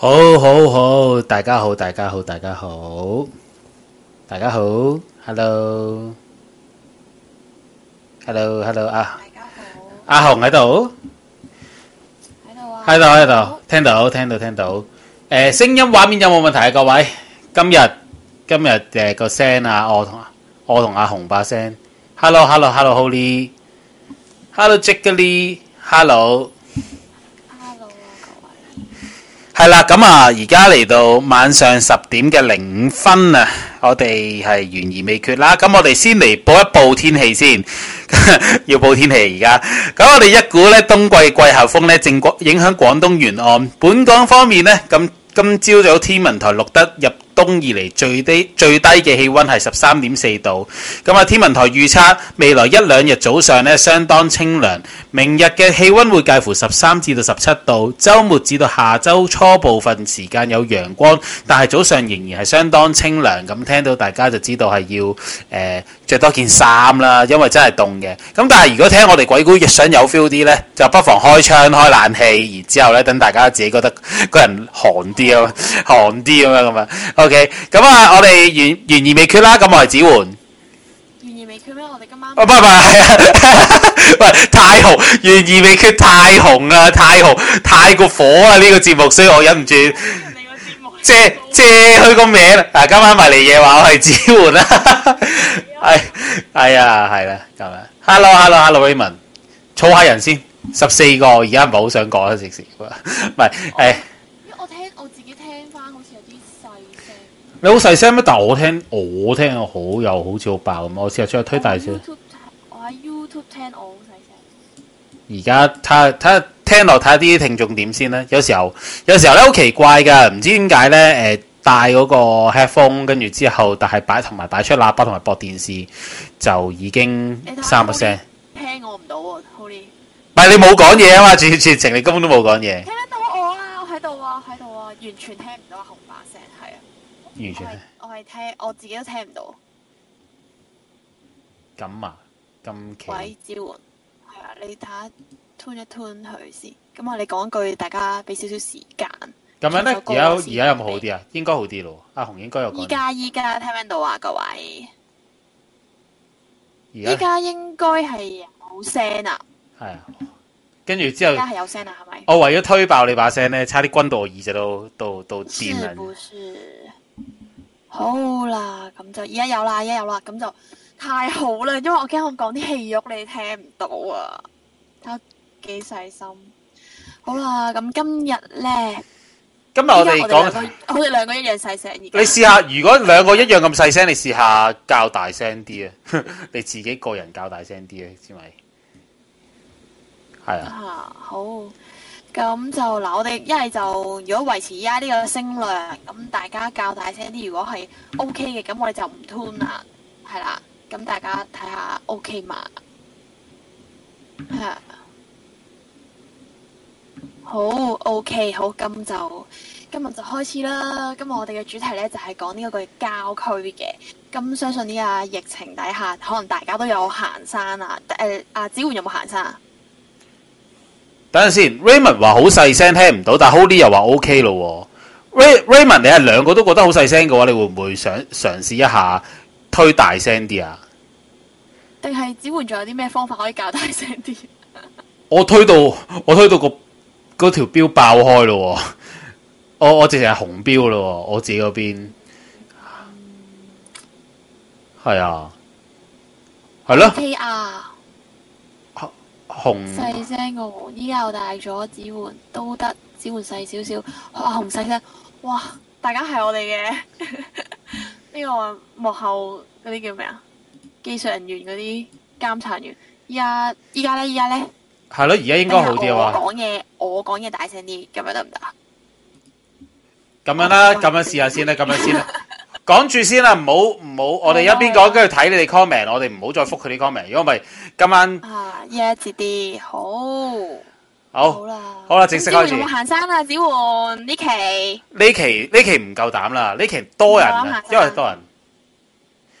好好好，大家好，大家好，大家好，大家好，Hello，Hello，Hello 啊，大家好，阿紅喺度，喺度啊，喺度喺度，聽到聽到聽到，誒，聲音畫面有冇問題啊？各位，今日今日誒個聲啊，我同我同阿紅把聲，Hello，Hello，Hello，Holly，Hello，Jiggly，Hello。係啦，咁啊，而家嚟到晚上十點嘅零五分啊，我哋係懸而未決啦。咁我哋先嚟報一報天氣先， 要報天氣而家。咁我哋一股呢冬季季候風呢，正廣影響廣東沿岸。本港方面呢，咁今朝早天文台錄得入。冬以嚟最低最低嘅氣温係十三點四度，咁啊，天文台預測未來一兩日早上呢，相當清涼，明日嘅氣温會介乎十三至到十七度，週末至到下周初部分時間有陽光，但係早上仍然係相當清涼，咁聽到大家就知道係要誒。呃着多件衫啦，因為真係凍嘅。咁但係如果聽我哋鬼故亦想有 feel 啲咧，就不妨開窗開冷氣，然之後咧，等大家自己覺得個人寒啲啊，寒啲咁樣咁啊。OK，咁啊，我哋完懸而未決啦。咁我係子桓，懸而未決咩？我哋今晚，拜拜。喂，太紅，懸而未決太紅啊！太紅，太過火啦！呢個節目，所以我忍唔住借借佢個名。嗱，今晚咪嚟嘢話我係子桓啦。係係啊，係啦，咁咪？Hello，Hello，Hello，Raymond，儲下人先，十四個，而家唔係好想講啊，直情，唔係誒。我，唉我聽我自己聽翻，好似有啲細聲。你好細聲咩？但我聽我聽，我好又好似好爆咁。我試下出去推大少。我喺 YouTube you 聽，我好細聲。而家睇睇聽落睇下啲聽眾點先啦。有時候有時候咧好奇怪噶，唔知點解咧誒。呃戴嗰個 headphone，跟住之後，但係擺同埋擺出喇叭同埋播電視就已經三個聲。聽我唔到喎好啲唔係你冇講嘢啊嘛，全程你根本都冇講嘢。聽得到我啊，我喺度啊，喺度啊，完全聽唔到啊。紅把聲，係啊。完全。我係聽，我自己都聽唔到。咁啊，咁奇怪。鬼招喚。係啊，你睇下 turn 一 turn 佢先。咁啊，你講句，大家俾少少時間。咁樣咧，而家而家有冇好啲啊？應該好啲咯，阿紅應該有講。依家依家聽唔聽到啊？各位，依家應該係冇聲啊。係啊，跟住之後，依家係有聲啦，係咪？我為咗推爆你把聲咧，差啲關到我耳仔都都都掂啦。是不是？好啦，咁就而家有啦，而家有啦，咁就太好啦，因為我驚我講啲戲肉你聽唔到啊！睇我幾細心。好啦，咁今日咧。今日我哋講，我哋兩個一樣細聲。而你試下，如果兩個一樣咁細聲，你試下較大聲啲啊！你自己個人較大聲啲啊，知咪？係啊。好，咁就嗱，我哋一係就如果維持而家呢個聲量，咁大家較大聲啲。如果係 O K 嘅，咁我哋就唔 tune 啦。係啦，咁大家睇下 O K 嘛？啊！好 OK，好，咁就今日就開始啦。今日我哋嘅主題呢，就係講呢一個郊區嘅。咁、嗯、相信呢個疫情底下，可能大家都有行山啊。誒、呃，阿子桓有冇行山啊？等陣先，Raymond 話好細聲聽唔到，但 Holly 又話 OK 咯。Ray Raymond，你係兩個都覺得好細聲嘅話，你會唔會想嘗試一下推大聲啲啊？定係子桓仲有啲咩方法可以教大聲啲？我推到，我推到個。嗰條標爆開咯，我我直情係紅標咯，我自己嗰邊係啊，係咯、啊。K R PR. 紅細聲個，依家又大咗，只換都得，只換細少少。我、啊、紅細聲，哇！大家係我哋嘅呢個幕後嗰啲叫咩啊？技術人員嗰啲監察員，依家依家咧，依家咧。係咯，而家應該好啲啊！講嘢，我講嘢大聲啲，咁樣得唔得？咁樣啦，咁樣試下先啦、啊，咁 樣先啦、啊。講住先啦、啊，唔好唔好，oh, 我哋一邊講跟住睇你哋 comment，我哋唔好再覆佢啲 comment。如果唔係今晚啊，一字啲好好啦，好啦好了，正式開始，有冇行山啦、啊？子桓呢期呢期呢期唔夠膽啦，呢期多人，期期期多人，因為多人。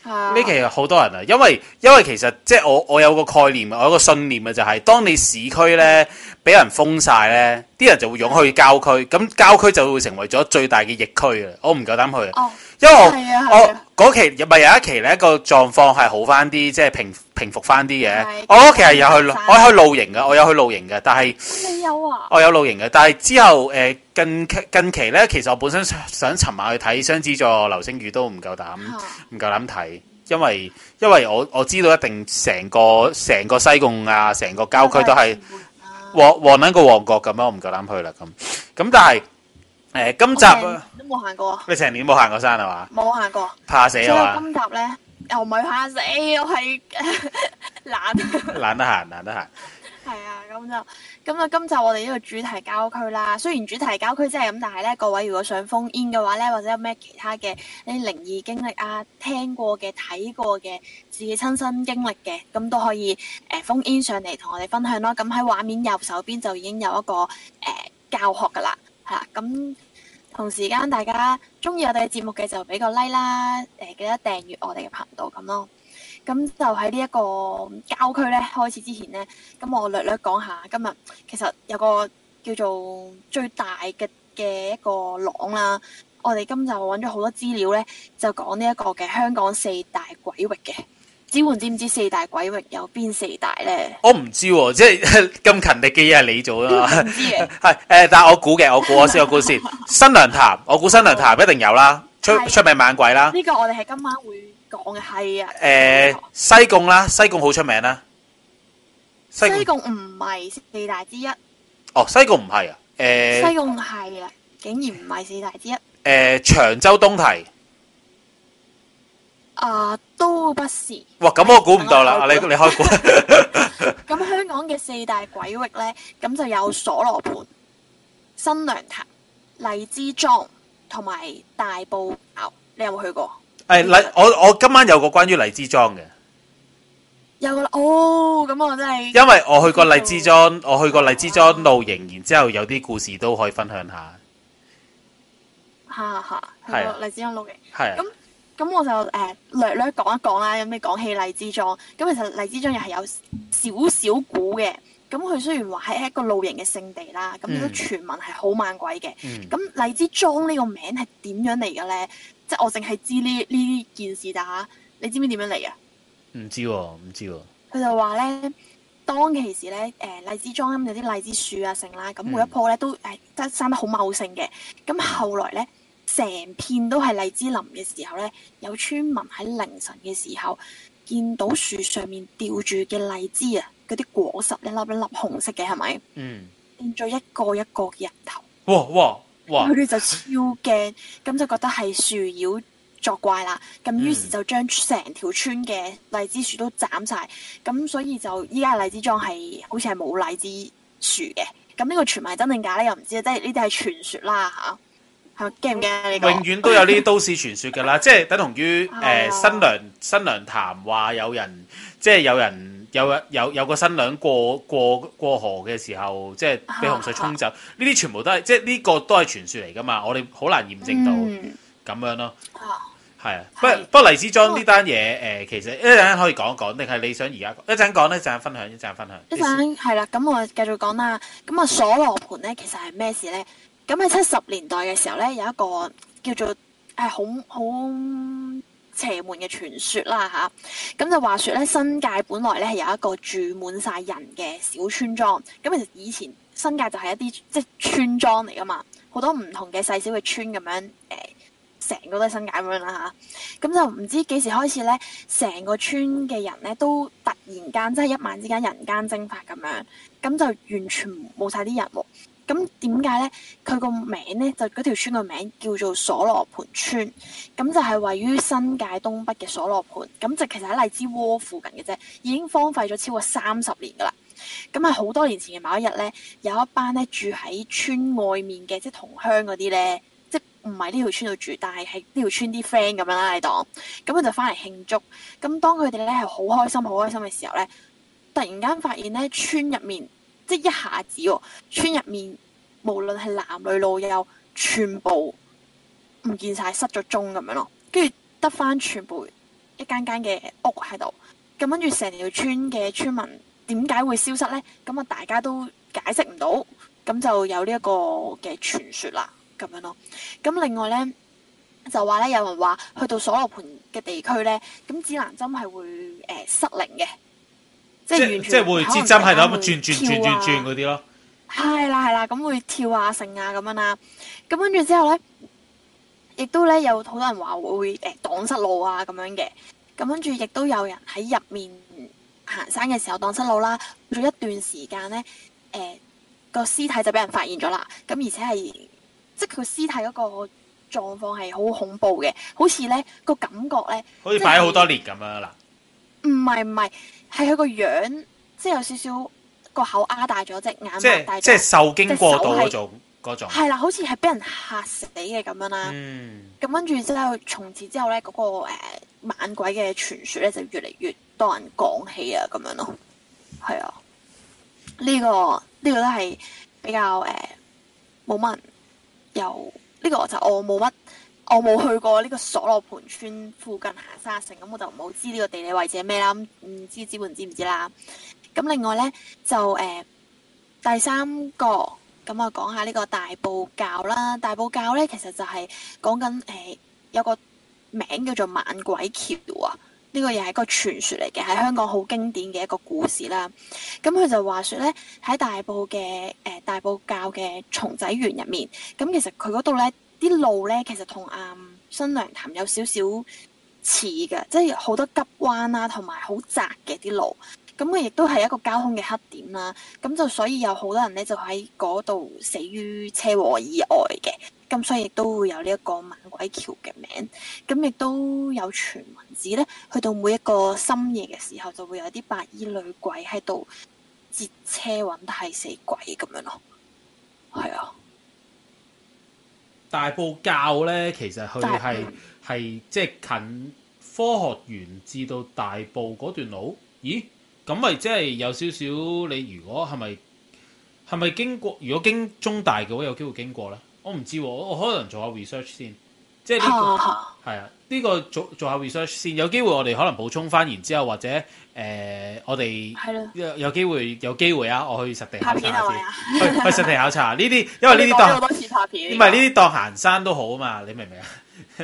呢其實好多人啊，因為因為其實即係我我有個概念，我有個信念啊，就係、是，當你市區呢俾人封晒呢，啲人就會湧去郊區，咁郊區就會成為咗最大嘅疫區啊！我唔夠膽去。哦。因為我嗰期唔係有一期咧，個狀況係好翻啲，即係平平復翻啲嘅。的我屋企係有去，的我去露營嘅，我有去露營嘅，但係你有啊？我有露營嘅，但係之後誒、呃、近近期咧，其實我本身想尋晚去睇雙子座流星雨都唔夠膽，唔夠膽睇，因為因為我我知道一定成個成個西貢啊，成個郊區都係旺旺緊個旺角咁樣，我唔夠膽去啦咁。咁但係。誒，今集都冇行過，你成年冇行過山係嘛？冇行過，怕死係嘛？咁今集咧又唔係怕死，我係懶，懶 懶 得行，懶得行。係啊，咁就咁啊。今集，今集我哋呢個主題郊區啦。雖然主題郊區即係咁，但係咧，各位如果想 phone in 嘅話咧，或者有咩其他嘅啲靈異經歷啊、聽過嘅、睇過嘅、自己親身經歷嘅，咁都可以誒 phone in 上嚟同我哋分享咯。咁喺畫面右手邊就已經有一個誒、呃、教學噶啦，吓、嗯、咁。嗯同時間，大家中意我哋嘅節目嘅就俾個 like 啦，誒、呃、記得訂閱我哋嘅頻道咁咯。咁就喺呢一個郊區咧開始之前咧，咁我略略講下今日其實有個叫做最大嘅嘅一個廊啦。我哋今集揾咗好多資料咧，就講呢一個嘅香港四大鬼域嘅。子桓知唔知四大鬼域有邊四大咧？我唔知喎，即係咁勤力嘅嘢係你做噶嘛？唔知嘅係，誒，但係我估嘅，我估先，我估先。新娘潭，我估新娘潭一定有啦，出出名猛鬼啦。呢個我哋係今晚會講嘅，係啊。誒，西貢啦，西貢好出名啦。西貢唔係四大之一。哦，西貢唔係啊，誒。西貢係啊，竟然唔係四大之一。誒，長洲東堤。啊，都不是。哇，咁我估唔到啦，你你開估。咁香港嘅四大鬼域咧？咁就有鎖羅盤、新娘潭、荔枝莊同埋大埔凹。你有冇去過？誒，荔，我我今晚有個關於荔枝莊嘅。有啦，哦，咁我真係。因為我去過荔枝莊，我去過荔枝莊露營，然之後有啲故事都可以分享下。吓吓，係荔枝莊露營，係。咁我就誒、呃、略略講一講啦。有、嗯、咩講起荔枝莊，咁其實荔枝莊又係有少少古嘅。咁佢雖然話係一個露營嘅聖地啦，咁都傳聞係好猛鬼嘅。咁、嗯、荔枝莊呢個名係點樣嚟嘅咧？即係我淨係知呢呢件事，吓你知唔知點樣嚟啊？唔知喎、哦，唔知喎。佢就話咧，當其時咧，誒荔枝莊有啲荔枝樹啊，成啦、嗯，咁每一棵咧都誒生生得好茂盛嘅。咁後來咧，成片都係荔枝林嘅時候呢，有村民喺凌晨嘅時候見到樹上面吊住嘅荔枝啊，嗰啲果實一粒一粒，一粒紅色嘅係咪？是是嗯，變咗一個一個嘅人頭。哇哇哇！佢哋就超驚，咁就覺得係樹妖作怪啦，咁於是就將成條村嘅荔枝樹都斬晒，咁、嗯、所以就依家荔枝莊係好似係冇荔枝樹嘅。咁呢個傳聞真定假呢？又唔知啊，即係呢啲係傳說啦吓。驚唔驚呢永遠都有呢啲都市傳說噶啦，即係等同於誒新娘新娘潭話，有人即係有人有有有個新娘過過過河嘅時候，即係被洪水沖走。呢啲全部都係即係呢個都係傳說嚟噶嘛，我哋好難驗證到咁樣咯。係，不不過黎子莊呢單嘢誒，其實一陣間可以講一講，定係你想而家一陣間講咧？一陣分享，一陣分享。一陣係啦，咁我繼續講啦。咁啊，鎖羅盤咧，其實係咩事咧？咁喺七十年代嘅時候咧，有一個叫做係好好邪門嘅傳說啦嚇。咁、啊、就話說咧，新界本來咧係有一個住滿晒人嘅小村莊。咁其實以前新界就係一啲即係村莊嚟噶嘛，好多唔同嘅細小嘅村咁樣誒，成、呃、個都係新界咁樣啦嚇。咁、啊、就唔知幾時開始咧，成個村嘅人咧都突然間即係、就是、一晚之間人間蒸發咁樣，咁就完全冇晒啲人喎。咁點解咧？佢個名咧，就嗰條村個名叫做鎖羅盆村，咁就係位於新界東北嘅鎖羅盆，咁就其實喺荔枝窩附近嘅啫，已經荒廢咗超過三十年噶啦。咁喺好多年前嘅某一日咧，有一班咧住喺村外面嘅即係同鄉嗰啲咧，即唔係呢條村度住，但係喺呢條村啲 friend 咁樣啦，你度，咁佢就翻嚟慶祝。咁當佢哋咧係好開心、好開心嘅時候咧，突然間發現咧村入面。即一下子，哦，村入面無論係男女老幼，全部唔見晒，失咗蹤咁樣咯。跟住得翻全部一間間嘅屋喺度，咁跟住成條村嘅村民點解會消失呢？咁啊，大家都解釋唔到，咁就有呢一個嘅傳說啦，咁樣咯。咁另外呢，就話咧，有人話去到梳羅盆嘅地區呢，咁指南針係會誒、呃、失靈嘅。即係完全，即會可能支針喺度咁轉轉轉轉轉嗰啲囉！係啦係啦，咁會跳下繩啊咁樣啦。咁跟住之後咧，亦都咧有好多人話會誒蕩、欸、失路啊咁樣嘅。咁跟住亦都有人喺入面行山嘅時候蕩失路啦、啊。咗一段時間咧，誒、欸個屍體就俾人發現咗啦。咁而且係，即係佢屍體嗰個狀況係好恐怖嘅，好似咧、個感覺咧，好似擺咗好多年咁、就是、樣啦。唔係唔係。係佢個樣，即係有少少個口擘大咗，隻眼擘大咗，即係受驚過度嗰種嗰種。係啦，好似係俾人吓死嘅咁樣啦。咁跟住之後，從此之後咧，嗰、那個誒、呃、猛鬼嘅傳說咧，就越嚟越多人講起啊，咁樣咯。係啊，呢、這個呢、這個都係比較誒冇乜，又、呃、呢、這個就我冇乜。我冇去過呢個鎖羅盆村附近行山城，咁我就冇知呢個地理位置係咩啦。唔知知唔知唔知啦。咁另外呢，就誒、呃、第三個，咁我講下呢個大埔滘啦。大埔滘呢，其實就係講緊誒、呃、有個名叫做猛鬼橋啊。呢、這個又係一個傳說嚟嘅，係香港好經典嘅一個故事啦。咁佢就話說呢，喺大埔嘅誒、呃、大埔滘嘅松仔園入面，咁其實佢嗰度呢。啲路咧，其實同啊、嗯、新娘潭有少少似嘅，即係好多急彎啦、啊，同埋好窄嘅啲路，咁佢亦都係一個交通嘅黑點啦、啊。咁就所以有好多人咧，就喺嗰度死於車禍意外嘅，咁所以亦都會有呢一個猛鬼橋嘅名，咁亦都有傳聞指咧，去到每一個深夜嘅時候，就會有啲白衣女鬼喺度截車搵替死鬼咁樣咯，係啊。大埔滘呢，其實佢係係即係近科學園至到大埔嗰段路，咦？咁咪即係有少少你如果係咪係咪經過？如果經中大嘅話，有機會經過呢？我唔知喎，我可能做下 research 先。即係呢、這個係啊，呢、這個做做下 research 先，有機會我哋可能補充翻，然之後或者誒、呃、我哋有有機會有機會啊，我去實地考察下先，啊？去實地考察呢啲，因為呢啲 當好多次拍片，唔係呢啲當行山都好啊嘛，你明唔明啊？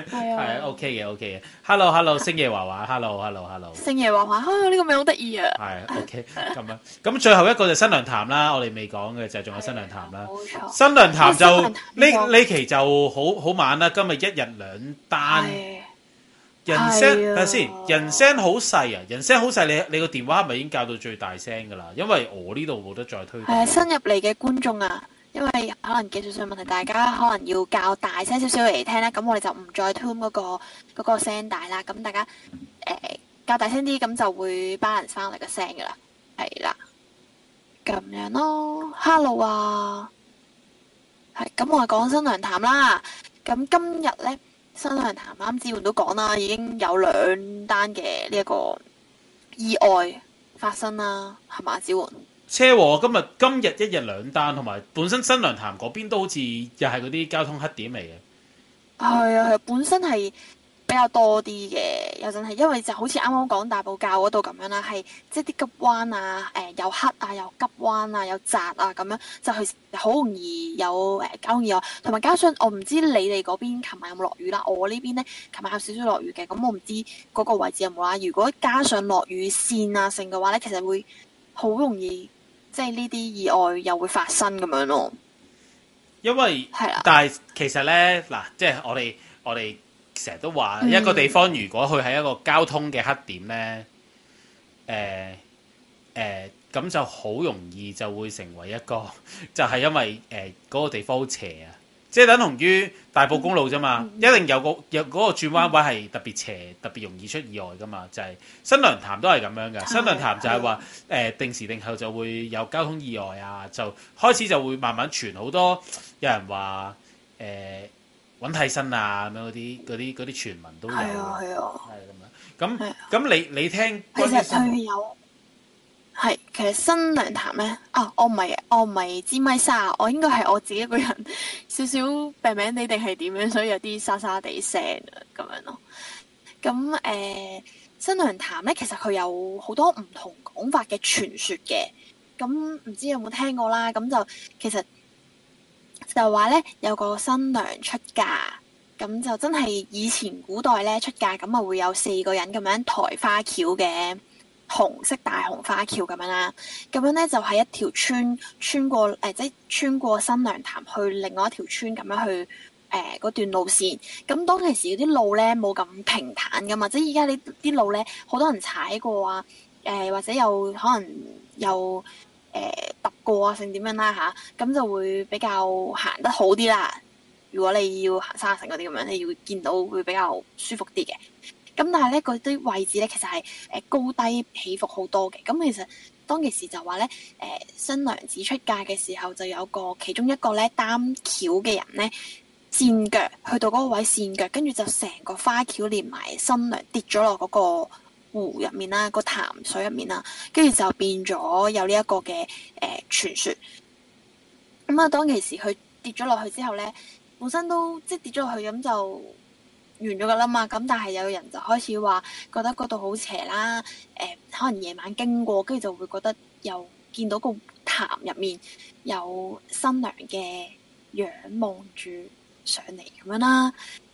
係啊，o k 嘅，OK 嘅，okay，Hello，Hello，星爺華華，Hello，Hello，Hello，星爺華華，啊，呢、這個名好得意啊，係、啊，OK，咁樣、 嗯，咁、嗯、最後一個就新娘潭啦，我哋未講嘅就係仲有新娘潭啦，冇錯、啊，新娘潭就呢呢期就好好晚啦、啊，今日一日兩單，啊、人聲睇先，人聲好細啊，人聲好細，你你個電話係咪已經校到最大聲噶啦？因為我呢度冇得再推，係、啊、新入嚟嘅觀眾啊。因為可能技術上問題，大家可能要較大聲少少嚟聽咧，咁我哋就唔再 tune 嗰、那個嗰、那個聲大啦，咁大家誒、呃、較大聲啲，咁就會班人 l a n c e 翻我哋嘅聲噶啦，係啦，咁樣咯，hello 啊，係，咁我講新良談啦，咁今日呢，新良談啱志煥都講啦，已經有兩單嘅呢一個意外發生啦，係嘛志煥？車禍，今日今日一日兩單，同埋本身新娘潭嗰邊都好似又係嗰啲交通黑點嚟嘅。係啊，係本身係比較多啲嘅。有陣係因為就好似啱啱講大埔滘嗰度咁樣啦，係即係啲急彎啊，誒、呃、又黑啊，又急彎啊，又窄啊，咁樣就係好容易有誒交通意外。同、呃、埋加上我唔知你哋嗰邊琴晚有冇落雨啦，我邊呢邊咧琴晚有少少落雨嘅。咁我唔知嗰個位置有冇啦。如果加上落雨線啊，性嘅話咧，其實會好容易。即係呢啲意外又會發生咁樣咯，因為係啊，的但係其實咧嗱，即係我哋我哋成日都話、嗯、一個地方如果佢係一個交通嘅黑點咧，誒誒咁就好容易就會成為一個就係、是、因為誒、呃嗰個地方好邪啊！即係等同於大埔公路啫嘛，一定有個有嗰個轉彎位係特別斜，特別容易出意外噶嘛。就係新娘潭都係咁樣嘅，新娘潭就係話誒定時定候就會有交通意外啊，就開始就會慢慢傳好多有人話誒揾替身啊咁樣嗰啲嗰啲啲傳聞都有。係啊係啊，係咁樣咁咁你你聽其實係有。係，其實新娘潭咧，啊，我唔係，我唔係知咪沙，我應該係我自己一個人，少少病名，你定係點樣，所以有啲沙沙地聲啦，咁樣咯。咁、嗯、誒、呃，新娘潭咧，其實佢有好多唔同講法嘅傳說嘅。咁、嗯、唔知有冇聽過啦？咁、嗯、就其實就話咧，有個新娘出嫁，咁、嗯、就真係以前古代咧出嫁，咁啊會有四個人咁樣抬花轎嘅。紅色大紅花轎咁樣啦，咁樣咧就係、是、一條村穿過誒、呃，即係穿過新娘潭去另外一條村咁樣去誒嗰、呃、段路線。咁、嗯、當其時啲路咧冇咁平坦噶嘛，即係而家你啲路咧好多人踩過啊，誒、呃、或者又可能又誒踏過啊，成點、啊啊、樣啦吓，咁就會比較行得好啲啦。如果你要行沙城嗰啲咁樣，你要見到會比較舒服啲嘅。咁但係咧，嗰啲位置咧，其實係誒高低起伏好多嘅。咁其實當其時就話咧，誒、呃、新娘子出嫁嘅時候，就有個其中一個咧擔橋嘅人咧跣腳去到嗰位跣腳，跟住就成個花轎連埋新娘跌咗落嗰個湖入面啦，個潭水入面啦，跟住就變咗有呢一個嘅誒傳說。咁、嗯、啊，當其時佢跌咗落去之後咧，本身都即係跌咗落去，咁就。完咗噶啦嘛，咁但係有人就開始話覺得嗰度好邪啦，誒、呃，可能夜晚經過，跟住就會覺得又見到個潭入面有新娘嘅仰望住上嚟咁樣啦。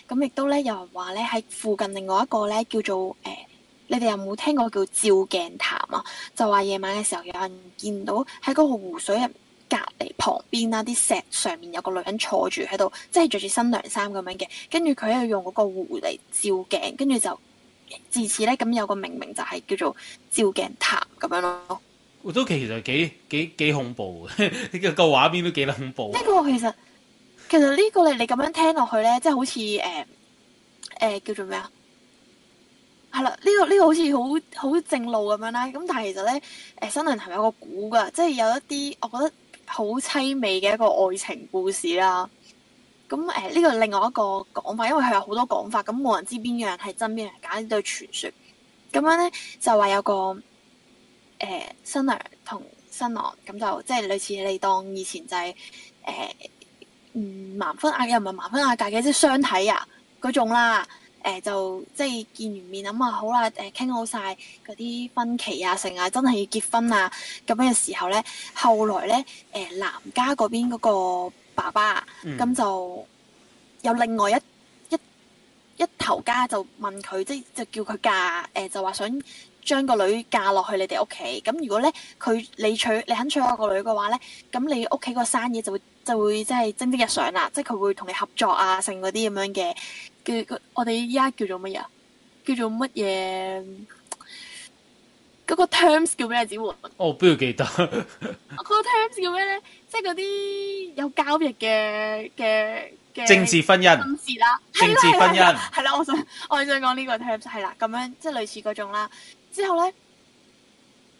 咁、嗯、亦都咧，有人話咧喺附近另外一個咧叫做誒、呃，你哋有冇聽過叫照鏡潭啊？就話夜晚嘅時候有人見到喺嗰個湖水入。隔離旁邊啦，啊，啲石上面有個女人坐住喺度，即係着住新娘衫咁樣嘅。跟住佢喺度用嗰個湖嚟照鏡，跟住就自此咧咁有個命名，名就係叫做照鏡潭咁樣咯。我都其實幾幾幾恐怖嘅，呢 個個畫面都幾恐怖。呢個其實其實呢個你你咁樣聽落去咧，即係好似誒誒叫做咩啊？係啦，呢個呢個好似好好正路咁樣啦。咁但係其實咧，誒新娘潭係有個古噶，即係有一啲我覺得。好淒美嘅一個愛情故事啦，咁誒呢個另外一個講法，因為佢有好多講法，咁冇人知邊樣係真邊樣假，都係傳說，咁樣咧就話有個誒、呃、新娘同新郎，咁就即係類似你當以前就係、是、誒，盲婚啊又唔係盲婚啊嫁嘅即係相睇啊嗰種啦。誒、呃、就即係見完面咁啊，好啦，誒、呃、傾好晒嗰啲分歧啊，成啊，真係要結婚啊咁嘅時候咧，後來咧誒、呃、男家嗰邊嗰個爸爸咁、嗯、就有另外一一一頭家就問佢，即係就叫佢嫁誒、呃，就話想將個女嫁落去你哋屋企。咁如果咧佢你娶你肯娶我個女嘅話咧，咁你屋企個生意就會就會即係蒸蒸日上啦、啊，即係佢會同你合作啊，成嗰啲咁樣嘅。呃、我哋依家叫做乜嘢？叫做乜嘢？嗰、那個 terms 叫咩？子桓，我不如記得。嗰個 terms 叫咩咧？即係嗰啲有交易嘅嘅嘅政治婚姻政治啦，政治婚姻係啦。我想我係想講呢個 terms 係啦、啊，咁樣即係類似嗰種啦。之後咧，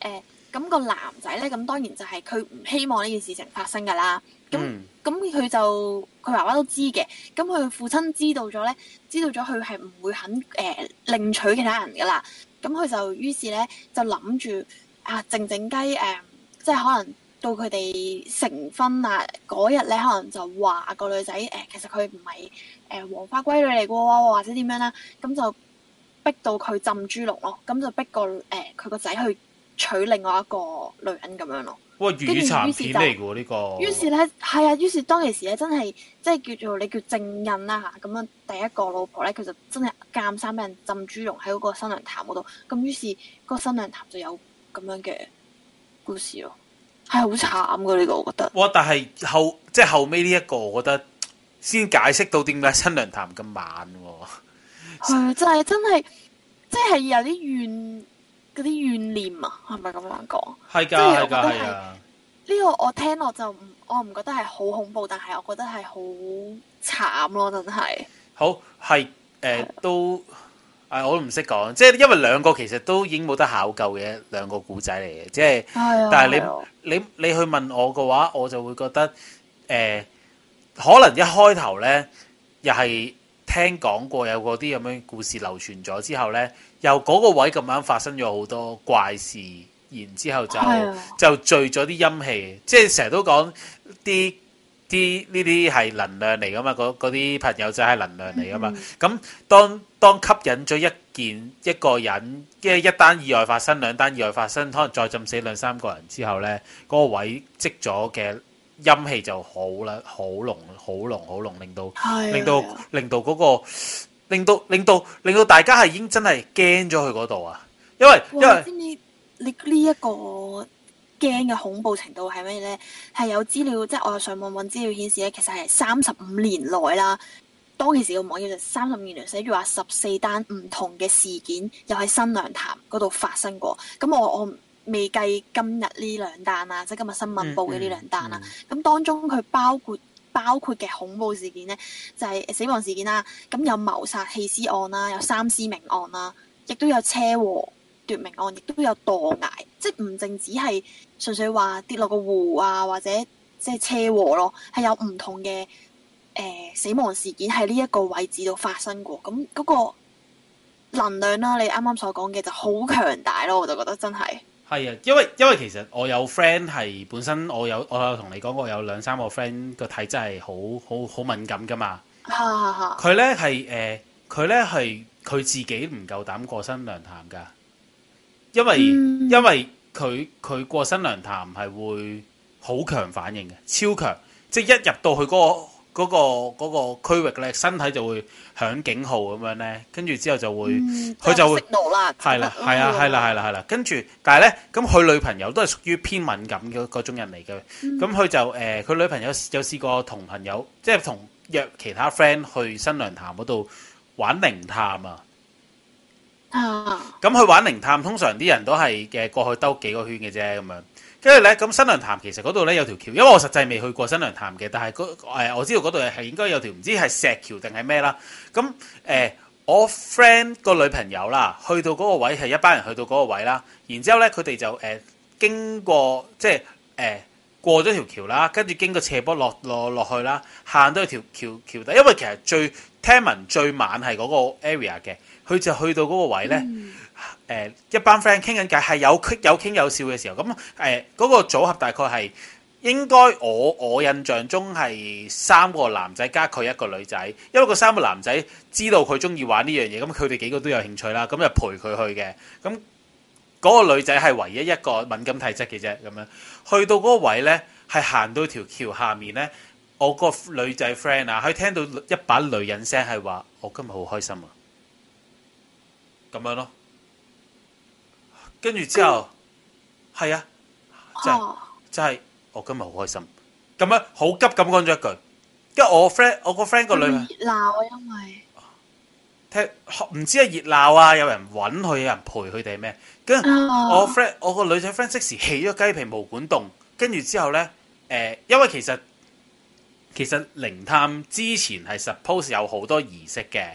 誒、欸。咁個男仔咧，咁當然就係佢唔希望呢件事情發生噶啦。咁咁佢就佢爸爸都知嘅。咁佢父親知道咗咧，知道咗佢係唔會肯誒、呃、另娶其他人噶啦。咁佢就於是咧就諗住啊靜靜雞誒、呃，即係可能到佢哋成婚啊嗰日咧，可能就話個女仔誒、呃，其實佢唔係誒黃花閨女嚟噶喎，或者點樣啦？咁、嗯、就逼到佢浸豬籠咯。咁、嗯、就逼個誒佢個仔去娶另外一個女人咁樣咯，哇！粵語片嚟嘅喎呢個。於是咧，係啊，於是當其時咧，真係即係叫做你叫正印啦嚇咁樣。第一個老婆咧，佢就真係監生俾人浸豬籠喺嗰個新娘潭嗰度。咁於是嗰個新娘潭就有咁樣嘅故事咯，係、哎、好慘嘅呢個，我覺得。哇！但係後即係後尾呢一個，我覺得先解釋到點解新娘潭咁猛喎、哦。係 就係真係即係有啲怨。嗰啲怨念啊，係咪咁樣講？係噶的，係噶，係啊！呢個我聽落就唔，我唔覺得係好恐怖，但係我覺得係好慘咯，真係。好係誒，呃、的都誒、哎，我都唔識講，即係因為兩個其實都已經冇得考究嘅兩個古仔嚟嘅，即係。係的。但係你的你你，你去問我嘅話，我就會覺得誒、呃，可能一開頭咧，又係。聽講過有嗰啲咁樣故事流傳咗之後呢，由嗰個位咁啱發生咗好多怪事，然之後就就聚咗啲陰氣，即係成日都講啲啲呢啲係能量嚟噶嘛，嗰啲朋友仔係能量嚟噶嘛。咁當當吸引咗一件一個人，即係一單意外發生，兩單意外發生，可能再浸死兩三個人之後呢，嗰、嗰個位積咗嘅陰氣就好啦，好濃。好濃好濃，令到令到令到嗰個，令到的令到令到，令到大家係已經真係驚咗去嗰度啊！因為因為知唔知你呢呢一個驚嘅恐怖程度係咩咧？係有資料，即係我上網揾資料顯示咧，其實係三十五年內啦，當其時個網頁就三十五年內寫住話十四單唔同嘅事件，又喺新娘潭嗰度發生過。咁我我未計今日呢兩單啦，即係今日新聞報嘅呢兩單啦。咁、嗯嗯嗯、當中佢包括。包括嘅恐怖事件咧，就係、是、死亡事件啦，咁有謀殺棄屍案啦，有三屍命案啦，亦都有車禍奪命案，亦都有墮崖，即係唔淨只係純粹話跌落個湖啊，或者即係車禍咯，係有唔同嘅誒、呃、死亡事件喺呢一個位置度發生過，咁嗰個能量啦，你啱啱所講嘅就好強大咯，我就覺得真係。係啊，因為因為其實我有 friend 係本身我，我有我有同你講過，有兩三個 friend 個體質係好好好敏感噶嘛。佢 呢係誒，佢、呃、呢係佢自己唔夠膽過新娘潭噶，因為、嗯、因為佢佢過新娘潭係會好強反應嘅，超強，即係一入到去嗰、那個。嗰個嗰個區域咧，身體就會響警號咁樣咧，跟住之後就會佢就會係啦，係啊，係啦，係啦，係啦，跟住，但係咧，咁佢女朋友都係屬於偏敏感嘅嗰種人嚟嘅，咁佢就誒，佢女朋友有試過同朋友，即係同約其他 friend 去新娘潭嗰度玩靈探啊，啊，咁去玩靈探，通常啲人都係嘅過去兜幾個圈嘅啫，咁樣。跟住咧，咁新娘潭其實嗰度咧有條橋，因為我實際未去過新娘潭嘅，但係誒我知道嗰度係應該有條唔知係石橋定係咩啦。咁誒，我 friend 個女朋友啦，去到嗰個位係一班人去到嗰個位啦，然之後咧佢哋就誒經過即係誒過咗條橋啦，跟住經過斜坡落落落去啦，行到條橋橋底，因為其實最聽聞最晚係嗰個 area 嘅，佢就去到嗰個位咧。誒一班 friend 傾緊偈，係有傾有，有笑嘅時候。咁誒嗰個組合大概係應該我我印象中係三個男仔加佢一個女仔。因為個三個男仔知道佢中意玩呢樣嘢，咁佢哋幾個都有興趣啦。咁就陪佢去嘅。咁嗰個女仔係唯一一個敏感體質嘅啫。咁樣去到嗰個位呢，係行到條橋下面呢，我個女仔 friend 啊，佢聽到一把女人聲係話：我今日好開心啊！咁樣咯。跟住之後，係、嗯、啊，真係，我今日好開心，咁樣好急咁講咗一句，跟住我 friend，我個 friend 個女，熱鬧啊，因為，聽唔知係熱鬧啊，有人揾佢，有人陪佢哋咩？跟住我 friend，、嗯、我個女仔 friend 即時起咗雞皮毛管凍，跟住之後咧，誒、呃，因為其實其實靈探之前係 suppose 有好多儀式嘅，誒、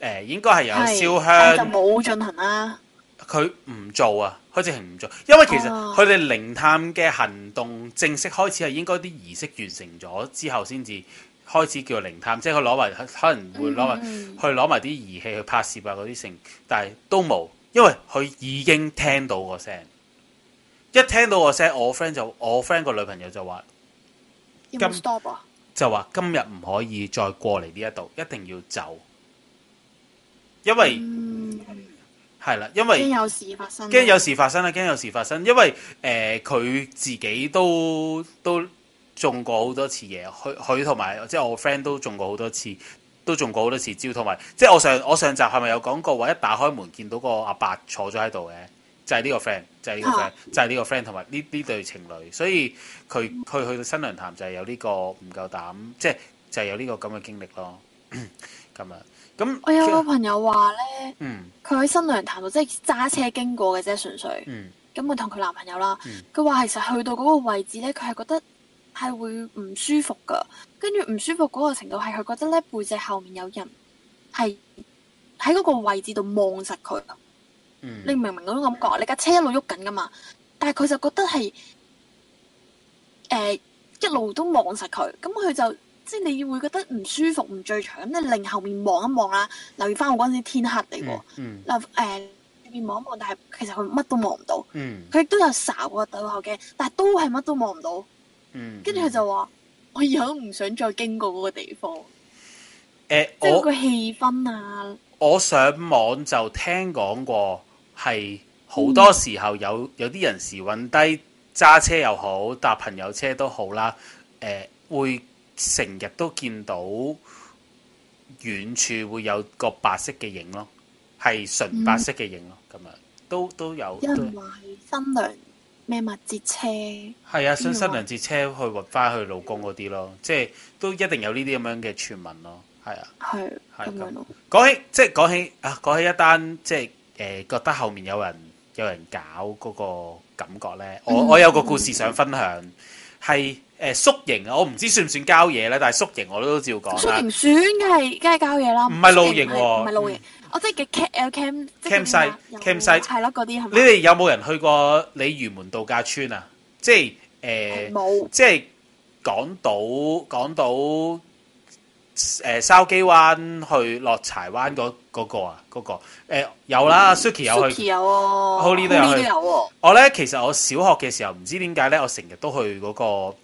呃，應該係有燒香，就冇進行啦。佢唔做啊，佢直情唔做，因為其實佢哋靈探嘅行動正式開始係應該啲儀式完成咗之後先至開始叫做靈探，即係佢攞埋可能會攞埋去攞埋啲儀器去拍攝啊嗰啲成，但係都冇，因為佢已經聽到個聲，一聽到個聲，我 friend 就我 friend 個女朋友就話，今就話今日唔可以再過嚟呢一度，一定要走，因為。嗯係啦，因為驚有事發生，驚有事發生啦，驚有事發生。因為誒，佢自己都都中過好多次嘢，佢佢同埋即係我 friend 都中過好多次，都中過好多次招，同埋即係我上我上集係咪有講過話一打開門見到個阿伯坐咗喺度嘅，就係呢個 friend，就係呢個 friend，就係呢個 friend，同埋呢呢對情侶，所以佢佢去到新娘潭就係有呢個唔夠膽，即係就係有呢個咁嘅經歷咯，咁啊。 那我有個朋友話咧，佢喺、嗯、新娘潭度，即係揸車經過嘅啫，純粹。咁佢同佢男朋友啦，佢話、嗯、其實去到嗰個位置咧，佢係覺得係會唔舒服噶，跟住唔舒服嗰個程度係佢覺得咧，背脊後面有人係喺嗰個位置度望實佢。嗯、你明唔明嗰種感覺？嗯、你架車一路喐緊噶嘛，但係佢就覺得係誒、呃、一路都望實佢，咁佢就。即係你會覺得唔舒服唔最長，咁你另後面望一望啦，留意翻我嗰陣時天黑地喎，留誒後面望一望，但係其實佢乜都望唔到，佢亦都有哨啊，都有驚，但係都係乜都望唔到，跟住佢就話、嗯、我以後都唔想再經過嗰個地方。誒、呃，嗰個氣氛啊我，我上網就聽講過係好多時候有、嗯、有啲人時運低揸車又好搭朋友車都好啦，誒、呃、會。成日都見到遠處會有個白色嘅影咯，係純白色嘅影咯，咁啊，都都有。嗯、都有有人話係新娘咩物節車？係啊，上新娘節車去揾翻去老公嗰啲咯，即係都一定有呢啲咁樣嘅傳聞咯，係啊，係咁是是樣，樣講起即係講起啊，講起一單即係誒、呃、覺得後面有人有人搞嗰個感覺咧，我、嗯、我有個故事想分享，係、嗯。誒宿營啊，我唔知算唔算郊野咧，但係宿營我都照講啦。宿營算梗係梗係郊野啦，唔係露營喎，唔係露營。我即係嘅 cam cam site cam site 係咯，嗰啲係咪？你哋有冇人去過鯉魚門度假村啊？即係誒，冇即係港島，港島誒筲箕灣去落柴灣嗰嗰個啊，嗰個誒有啦，Suki 有去，Holly 都有，Holly 都有。我咧其實我小學嘅時候唔知點解咧，我成日都去嗰個。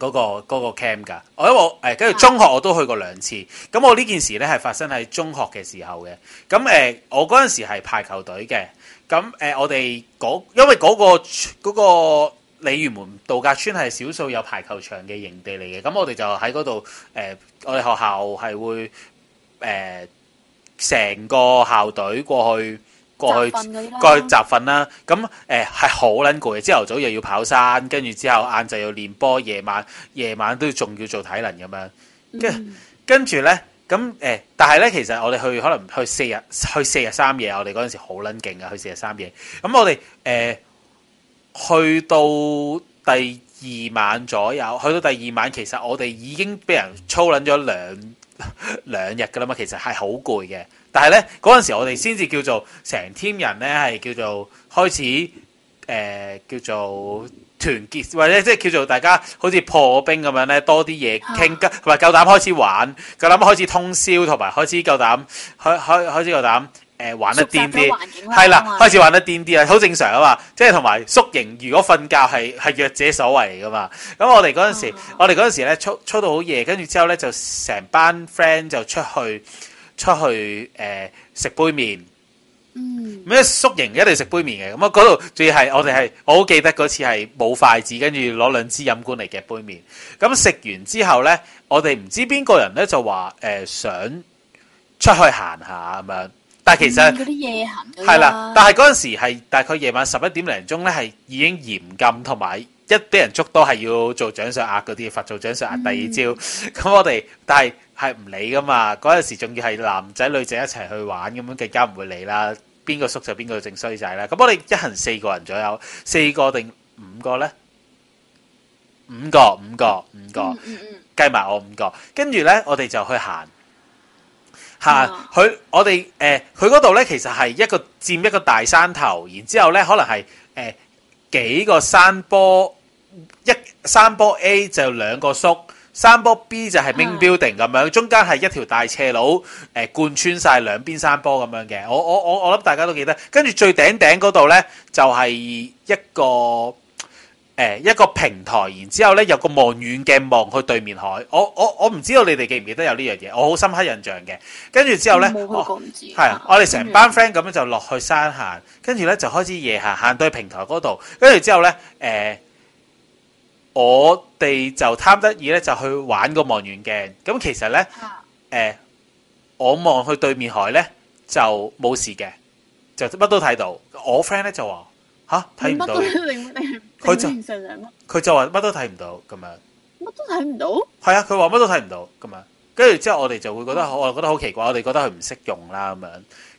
嗰、那個嗰、那個 camp 㗎，因為我因我誒跟住中學我都去過兩次，咁我呢件事咧係發生喺中學嘅時候嘅。咁誒、呃、我嗰陣時係排球隊嘅，咁誒、呃、我哋因為嗰、那個嗰、那個鯉魚門度假村係少數有排球場嘅營地嚟嘅，咁我哋就喺嗰度誒，我哋學校係會誒成、呃、個校隊過去。過去過去集訓啦，咁誒係好撚攰，朝、呃、頭早又要跑山，跟住之後晏晝要練波，夜晚夜晚都仲要做體能咁樣，跟住咧，咁誒、嗯呃，但係咧，其實我哋去可能去四日，去四日三夜，我哋嗰陣時好撚勁呀，去四日三夜。咁我哋誒、呃、去到第二晚左右，去到第二晚其， 其實我哋已經俾人操撚咗兩兩日㗎啦嘛，其實係好攰嘅。但係咧，嗰陣時我哋先至叫做成 team 人咧，係叫做開始誒、呃、叫做團結，或者即係叫做大家好似破冰咁樣咧，多啲嘢傾，同埋、啊、夠膽開始玩，夠膽開始通宵，同埋開始夠膽開開開始夠膽誒玩得癲啲，係啦，開始玩得癲啲啊，好正常啊嘛，即係同埋宿營，如果瞓覺係係弱者所為嚟噶嘛。咁我哋嗰陣時，啊、我哋嗰陣時咧，操操到好夜，跟住之後咧就成班 friend 就出去。出去誒食、呃、杯麵，嗯，咩宿營一定食杯麵嘅，咁啊嗰度仲要係我哋係我好記得嗰次係冇筷子，跟住攞兩支飲管嚟嘅杯麵。咁食完之後咧，我哋唔知邊個人咧就話誒、呃、想出去行下咁樣，但係其實啲夜行係啦，但係嗰陣時係大概夜晚十一點零鐘咧，係已經嚴禁同埋一啲人捉到係要做掌上壓嗰啲，罰做掌上壓第二招。咁、嗯、我哋但係。係唔理噶嘛？嗰陣時仲要係男仔女仔一齊去玩咁樣，更加唔會理啦。邊個叔就邊個正衰仔啦。咁我哋一行四個人左右，四個定五個咧？五個，五個，五個，計埋我五個。跟住咧，我哋就去行。吓，佢我哋誒，佢嗰度咧，其實係一個占一個大山頭，然之後咧，可能係誒幾個山坡一山坡 A 就兩個叔。山坡 B 就係 Main Building 咁樣，中間係一條大斜路，誒、呃、貫穿晒兩邊山坡咁樣嘅。我我我我諗大家都記得。跟住最頂頂嗰度咧，就係、是、一個誒、呃、一個平台，然之後咧有個望遠鏡望去對面海。我我我唔知道你哋記唔記得有呢樣嘢？我好深刻印象嘅。跟住之後咧，係我哋成、啊、班 friend 咁樣就落去山行，跟住咧就開始夜行行到去平台嗰度，跟住之後咧誒。我哋就貪得意咧，就去玩個望遠鏡。咁其實咧，誒、啊、欸，我望去對面海咧就冇事嘅，就乜都睇到。我 friend 咧就話吓，睇唔到，佢就佢就話乜都睇唔到咁樣，乜都睇唔到。係啊，佢話乜都睇唔到咁樣。跟住之後，我哋就會覺得，我覺得好奇怪，我哋覺得佢唔識用啦咁樣。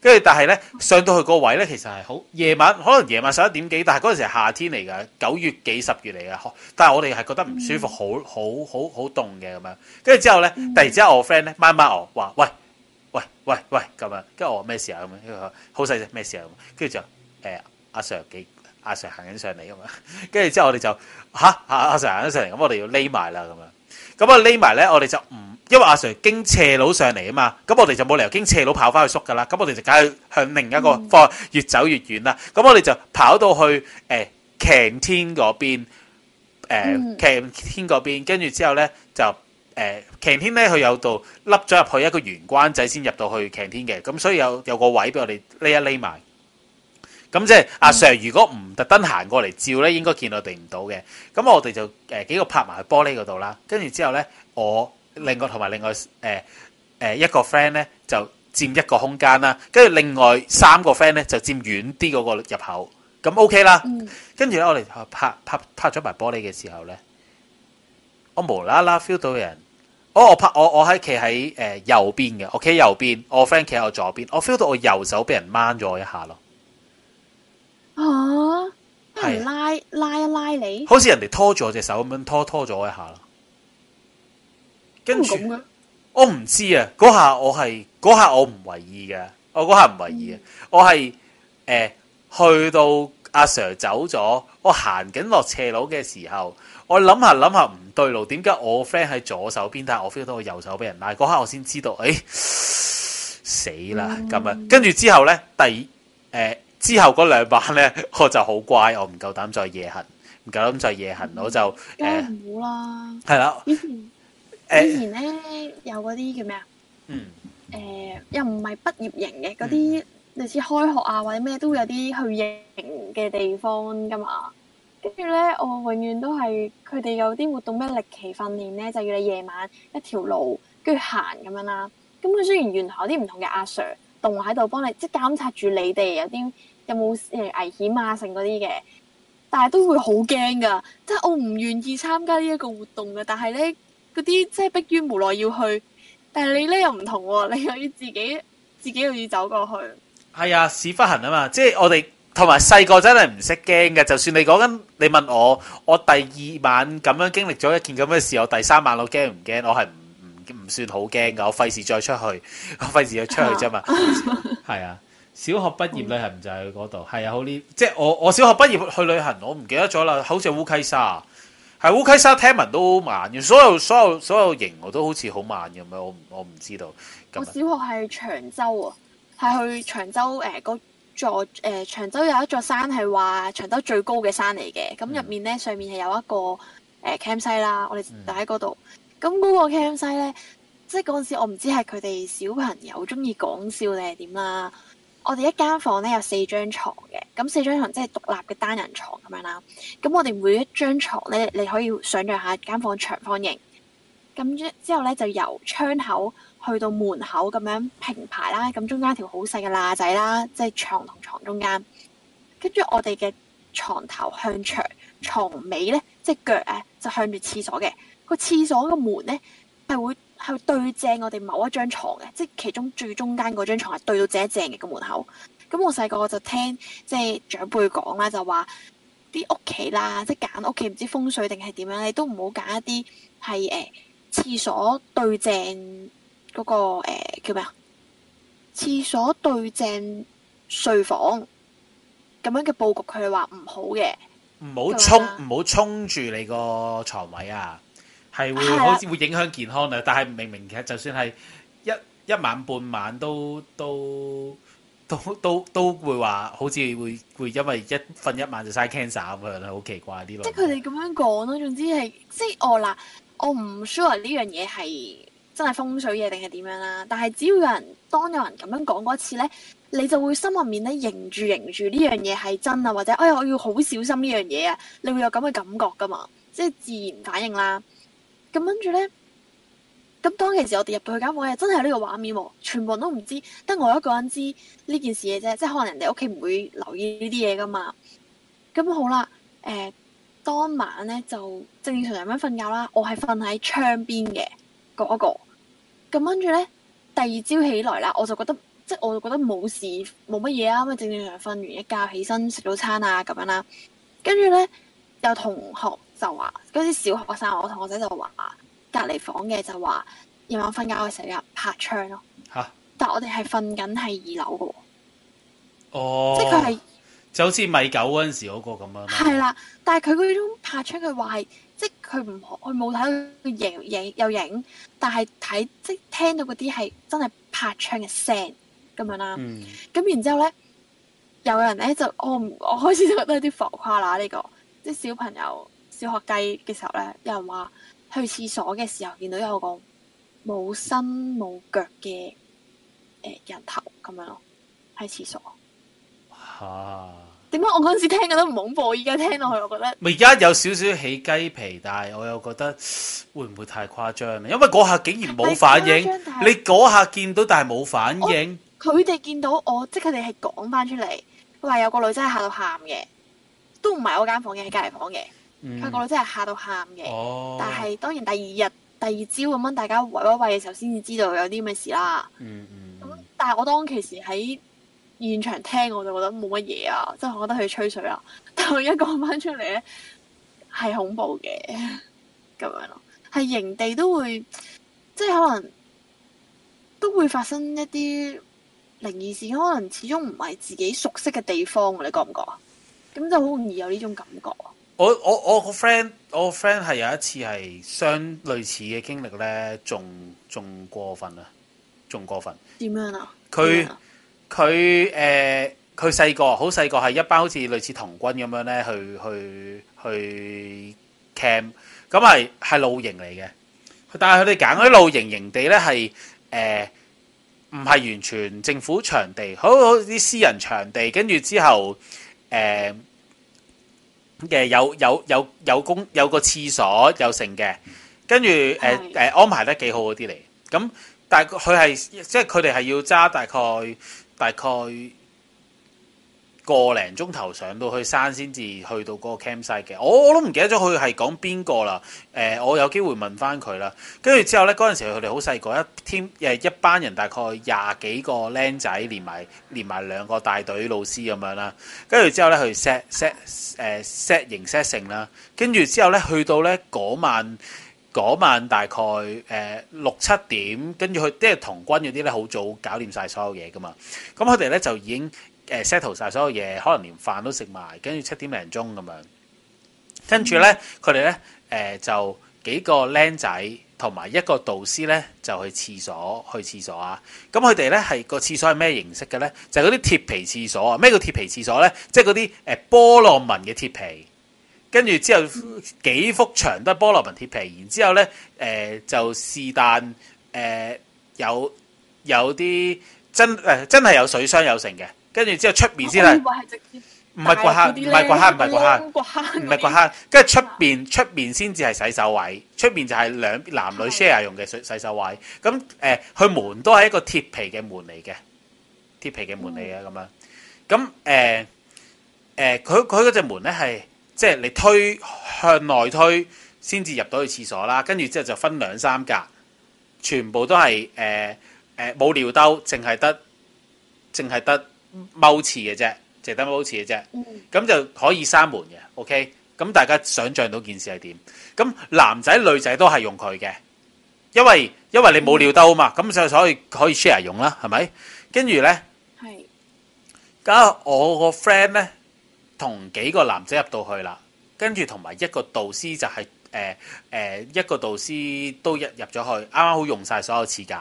跟住但係咧，上到去嗰個位咧，其實係好夜晚，可能夜晚十一點幾，但係嗰陣時係夏天嚟噶，九月幾十月嚟噶，但係我哋係覺得唔舒服，好好好好凍嘅咁樣。跟住之後咧，突然之間我 friend 咧，掹掹我話：，喂喂喂喂咁樣。跟住我話咩事啊？咁樣好細隻，咩事啊？跟住就誒阿 sir 幾阿 sir 行緊上嚟咁樣。跟住、呃、之後我哋就吓，嚇、啊、阿 sir 行緊上嚟，咁我哋要匿埋啦咁樣。咁啊，匿埋咧，我哋就唔，因為阿 Sir 經斜佬上嚟啊嘛，咁我哋就冇理由經斜佬跑翻去縮噶啦，咁我哋就梗係向另一個方向、嗯、越走越遠啦。咁我哋就跑到去誒擎天嗰邊，擎天嗰邊，跟住之後咧就誒擎天咧，佢、呃、有度凹咗入去一個圓關仔先入到去擎天嘅，咁所以有有個位俾我哋匿一匿埋。咁即係阿、嗯、Sir，如果唔特登行過嚟照咧，應該見到我哋唔到嘅。咁我哋就誒、呃、幾個拍埋喺玻璃嗰度啦。跟住之後咧，我另外同埋另外誒誒、呃呃、一個 friend 咧就佔一個空間啦。跟住另外三個 friend 咧就佔遠啲嗰個入口。咁 OK 啦。跟住咧，我哋拍拍拍咗埋玻璃嘅時候咧，我無啦啦 feel 到人，我我拍我我喺企喺誒右邊嘅，我企喺右邊，我 friend 企喺我左邊，我 feel 到我右手俾人掹咗我一下咯。啊，唔拉 拉一、啊、拉你，好似人哋拖住我隻手咁樣拖拖咗一下啦。跟住，我唔知啊。嗰下我係嗰下我唔為意嘅，我嗰下唔為意啊。我係誒去到阿 sir 走咗，我行緊落斜路嘅時候，我諗下諗下唔對路，點解我 friend 喺左手邊，但係我 feel 到我右手俾人拉。嗰下我先知道，誒、哎、死啦咁啊！嗯、跟住之後咧，第誒。呃之後嗰兩晚咧，我就好乖，我唔夠膽再夜行，唔夠膽再夜行，嗯、我就誒冇啦。係、uh, 啦，的 以前以前咧有嗰啲叫咩啊？嗯，誒、呃、又唔係畢業營嘅嗰啲，類似開學啊或者咩都有啲去夜營嘅地方噶嘛。跟住咧，我永遠都係佢哋有啲活動，咩歷奇訓練咧，就是、要你夜晚一條路跟住行咁樣啦。咁佢雖然原來有啲唔同嘅阿 Sir 動喺度幫你，即係監察住你哋有啲。有冇誒危險啊？成嗰啲嘅，但係都會好驚噶，即係我唔願意參加呢一個活動嘅。但係咧，嗰啲即係迫於無奈要去。但係你咧又唔同，你又要自己自己又要走過去。係啊，屎忽痕啊嘛，即係我哋同埋細個真係唔識驚嘅。就算你講緊你問我，我第二晚咁樣經歷咗一件咁嘅事，我第三晚我驚唔驚？我係唔唔唔算好驚噶，我費事再出去，我費事再出去啫嘛。係啊。小學畢業旅行就喺嗰度，係、嗯、啊，好啲。即係我我小學畢業去旅行，我唔記得咗啦。好似烏溪沙，係烏溪沙聽聞都好慢嘅，所有所有所有型我都好似好慢咁咩？我我唔知道。我小學係長洲啊，係去長洲誒，嗰、呃、座誒、呃、長洲有一座山係話長洲最高嘅山嚟嘅。咁入面咧上面係有一個誒 cam p 西啦，我哋就喺嗰度。咁嗰、嗯、個 cam p 西咧，即係嗰陣時我唔知係佢哋小朋友中意講笑定係點啦。我哋一間房咧有四張床嘅，咁四張床即係獨立嘅單人床咁樣啦。咁我哋每一張床咧，你可以想象下間房長方形。咁之後咧就由窗口去到門口咁樣平排啦。咁中間一條好細嘅罅仔啦，即係床同床中間。跟住我哋嘅床頭向牆，床尾咧即係腳咧就向住厠所嘅個厠所個門咧係會。係對正我哋某一張床嘅，即係其中最中間嗰張床係對到自一正嘅個門口。咁我細個就聽即係長輩講啦，就話啲屋企啦，即係揀屋企唔知風水定係點樣，你都唔好揀一啲係誒廁所對正嗰個誒、呃、叫咩啊？廁所對正睡房咁樣嘅布局，佢哋話唔好嘅，唔好沖唔好沖住你個床位啊！係會好似會影響健康啊！但係明明其實就算係一一晚半晚都都都都都會話好似會會因為一瞓一晚就晒 cancer 咁樣，好奇怪啲咯。即係佢哋咁樣講咯。總之係即係我嗱，我唔 sure 呢樣嘢係真係風水嘢定係點樣啦。但係只要有人當有人咁樣講嗰次咧，你就會心入面咧凝住凝住呢樣嘢係真啊，或者哎呀我要好小心呢樣嘢啊，你會有咁嘅感覺噶嘛，即係自然反應啦。咁跟住咧，咁當其時我哋入到去間房，又真係呢個畫面喎，哦，全部人都唔知，得我一個人知呢件事嘅啫。即係可能人哋屋企唔會留意呢啲嘢噶嘛。咁、嗯、好啦，誒、呃、當晚咧就正常咁樣瞓覺啦。我係瞓喺窗邊嘅嗰個。咁跟住咧，第二朝起來啦，我就覺得即係我就覺得冇事冇乜嘢啊，因為正常瞓完一覺起身食早餐啊咁樣啦、啊。跟住咧，有同學。就話嗰啲小學生，我同學仔就話隔離房嘅就話夜晚瞓覺嘅時候有拍窗咯嚇，但係我哋係瞓緊係二樓嘅喎，哦，即係佢係就好似米九嗰陣時嗰個咁樣，係啦，但係佢嗰種拍窗，佢話係即係佢唔佢冇睇佢影影又影，但係睇即係聽到嗰啲係真係拍窗嘅聲咁樣啦，嗯，咁然之後咧有人咧就我我開始覺得有啲浮誇啦，呢個即係小朋友。小學雞嘅時候咧，有人話去廁所嘅時候見到有個冇身冇腳嘅，誒人頭咁樣咯，喺廁所。吓？點解我嗰陣時聽嘅都唔恐怖，而家聽落去我覺得咪而家有少少起雞皮，但係我又覺得會唔會太誇張？因為嗰下竟然冇反應，你嗰下見到但係冇反應，佢哋見到我即係佢哋係講翻出嚟，話有個女仔喺下度喊嘅，都唔係我間房嘅，係隔籬房嘅。佢覺得真係吓到喊嘅，哦、但係當然第二日第二朝咁樣，大家喂喂喂嘅時候，先至知道有啲咩事啦。咁、嗯嗯、但係我當其時喺現場聽，我就覺得冇乜嘢啊，即係我覺得佢吹水啊。但係我一講翻出嚟咧，係恐怖嘅咁樣咯。係營地都會即係可能都會發生一啲靈異事，可能始終唔係自己熟悉嘅地方，你覺唔覺啊？咁就好容易有呢種感覺。我我我個 friend，我個 friend 係有一次係相類似嘅經歷咧，仲仲過分啊，仲過分。點樣啊？佢佢誒，佢細個好細個，係一班好似類似童軍咁樣咧，去去去 camp，咁係係露營嚟嘅。但係佢哋揀嗰啲露營營地咧，係誒唔係完全政府場地，好好啲私人場地。跟住之後誒。嘅有有有有公有個廁所有成嘅，跟住誒誒安排得幾好啲嚟，咁但係佢係即係佢哋係要揸大概大概。大概個零鐘頭上到去山先至去到嗰個 campsite 嘅，我我都唔記得咗佢係講邊個啦。誒、呃，我有機會問翻佢啦。跟住之後咧，嗰陣時佢哋好細個，一 team 誒一,一班人大概廿幾個僆仔，連埋連埋兩個大隊老師咁樣啦。跟住之後咧，去 set set 誒 set 營 set 城啦。跟住、呃、之後咧，去到咧嗰晚嗰晚大概誒六七點，跟住佢即係童軍嗰啲咧好早搞掂晒所有嘢噶嘛。咁佢哋咧就已經。settle 晒、呃、所有嘢，可能連飯都食埋，跟住七點零鐘咁樣。跟住咧，佢哋咧誒就幾個僆仔同埋一個導師咧，就去廁所去廁所啊。咁佢哋咧係個廁所係咩形式嘅咧？就係嗰啲鐵皮廁所啊。咩叫鐵皮廁所咧？即係嗰啲誒波浪紋嘅鐵皮，跟住之後幾幅牆都係波浪紋鐵皮。然之後咧誒、呃、就是但誒有有啲真誒、呃、真係有水箱有成嘅。跟住之後出面先啦，唔係掛廁，唔係掛廁，唔係掛廁，唔係掛廁，跟住出邊出邊先至係洗手位，出邊就係兩男女 share 用嘅洗洗手位。咁誒的，佢門都係一個鐵皮嘅門嚟嘅，鐵皮嘅門嚟嘅咁樣。咁誒誒，佢佢嗰隻門咧係即係你推向內推先至入到去廁所啦。跟住之後就分兩三格，全部都係誒誒冇尿兜，淨係得淨係得。踎廁嘅啫，直頭踎廁嘅啫，咁 就可以閂門嘅。OK，咁大家想象到件事係點？咁男仔女仔都係用佢嘅，因為因為你冇尿兜嘛，咁就所以可以 share 用啦，係咪？跟住呢，而家是我個 friend 呢，同幾個男仔入到去啦，跟住同埋一個導師就係誒誒一個導師都入入咗去，啱啱好用晒所有廁格，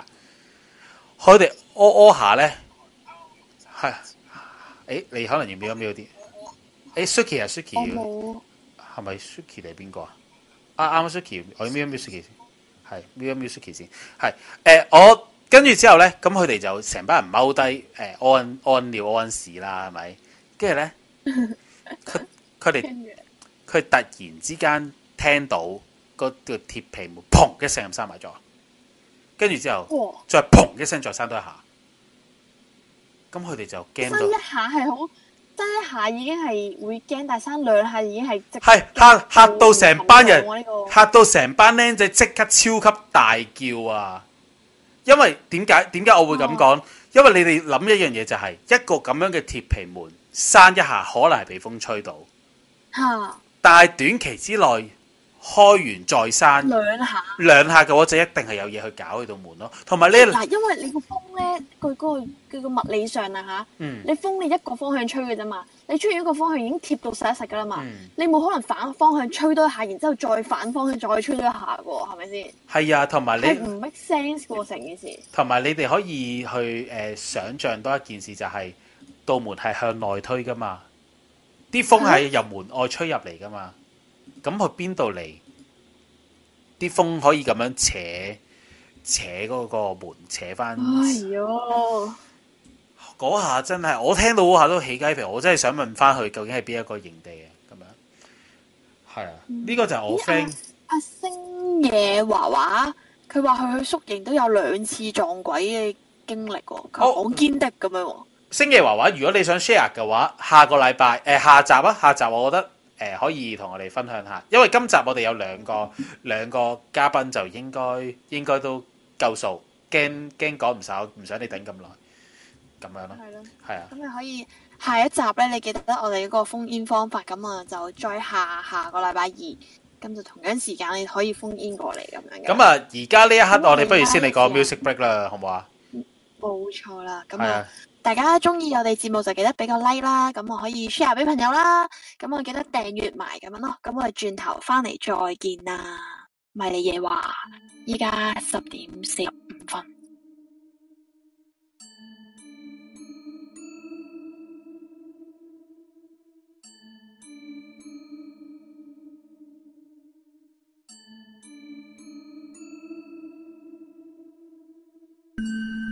佢哋屙屙下呢。係，誒、哎，你可能要 email 啲，誒、哎，Suki 啊，Suki，係咪 Suki 你係邊個啊？啱啱 Suki，我要 email Suki 先，係 email Suki 先，係，誒，我跟住之後咧，咁佢哋就成班人踎低，誒、呃，按按尿按屎啦，係咪？跟住咧，佢哋佢突然之間聽到個個鐵皮門砰一聲又閂埋咗，跟住之後哇再砰一聲再閂多一下。咁佢哋就驚到。生一下係好，生一下已經係會驚，但係生兩下已經係即係嚇嚇到成班人，這個、嚇到成班僆仔即刻超級大叫啊！因為點解點解我會咁講？啊、因為你哋諗一樣嘢就係、是、一個咁樣嘅鐵皮門，生一下可能係被風吹到嚇，啊、但係短期之內。開完再閂兩下，兩下嘅話就一定係有嘢去搞佢道門咯。同埋呢嗱，因為你個風呢，佢、那、嗰個佢、那個那個物理上啊嚇，嗯、你風你一個方向吹嘅啫嘛，你吹完一個方向已經貼到實一實噶啦嘛，嗯、你冇可能反方向吹多一下，然之後再反方向再吹多一下嘅喎，係咪先？係啊，同埋你唔 make sense 嘅成件事。同埋你哋可以去誒、呃、想像多一件事、就係，就係道門係向內推嘅嘛，啲風係由門外吹入嚟嘅嘛。咁去邊度嚟？啲風可以咁樣扯扯嗰個門，扯翻。哎呦！嗰下真係我聽到嗰下都起雞皮，我真係想問翻佢究竟係邊一個營地啊？咁樣、嗯。係啊，呢個就係我 friend 阿星野娃娃，佢話佢去宿營都有兩次撞鬼嘅經歷喎，講堅的咁樣。星野娃娃，如果你想 share 嘅話，下個禮拜誒下集啊，下集，下集我覺得。誒、呃、可以同我哋分享下，因為今集我哋有兩個兩 個嘉賓，就應該應該都夠數，驚驚講唔少，唔想你等咁耐，咁樣咯，係啊。咁你了、啊嗯、可以下一集咧，你記得我哋嗰個 phone in 方法咁啊，我就再下下個禮拜二，咁就同樣時間你可以 phone in 過嚟咁樣。咁啊、嗯，而家呢一刻我哋不如先嚟個 music break 啦，好唔好？錯、嗯、啊？冇錯啦，咁啊。大家鍾意我哋節目就記得俾個 like 啦，咁我可以 share 俾朋友啦，咁我記得訂閱埋咁樣咯，咁我哋轉頭翻嚟再見啦，迷離夜話依家十點四十五分。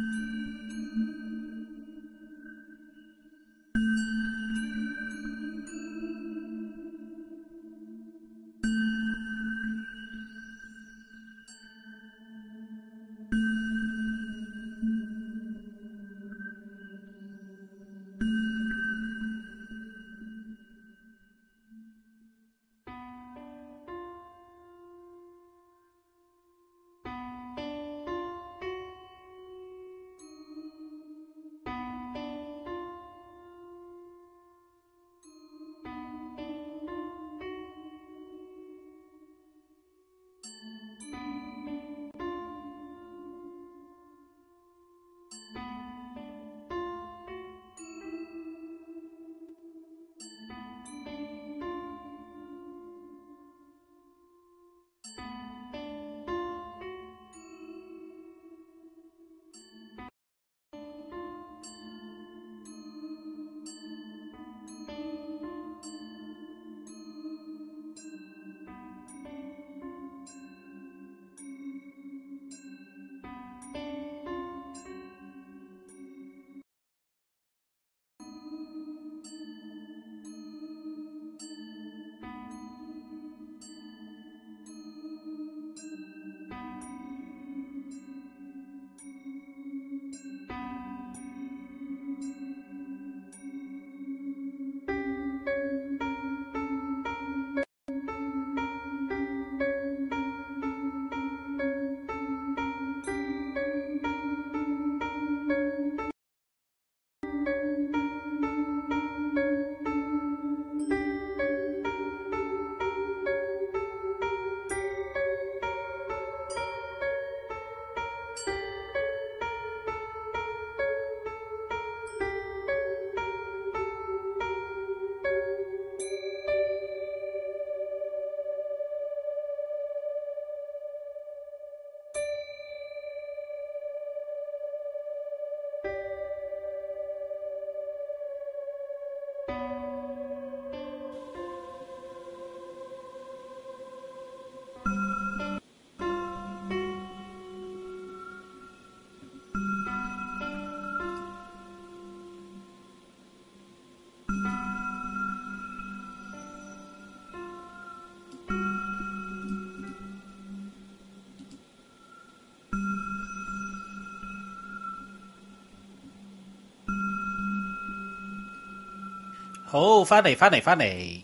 好，翻嚟翻嚟翻嚟，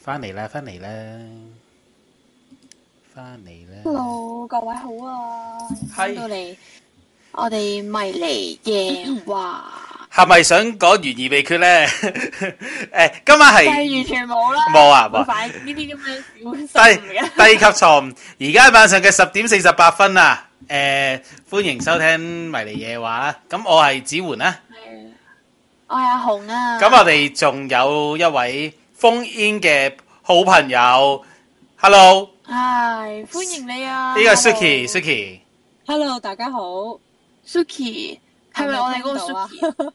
翻嚟啦翻嚟啦翻嚟啦！Hello，各位好啊，翻到嚟，我哋迷離夜話係咪想講懸疑秘訣咧？誒，今日係係完全冇啦，冇啊，冇，犯呢啲咁嘅小失誤嘅低級錯誤。而家係晚上嘅十點四十八分啊！誒，歡迎收聽迷離夜話啦，咁我係子桓啦。我阿阿紅啊！咁我哋仲有一位 phone in 嘅好朋友，Hello，唉、哎，歡迎你啊！呢個 Suki，Suki，Hello，大家好，Suki，係咪我哋嗰個 Suki？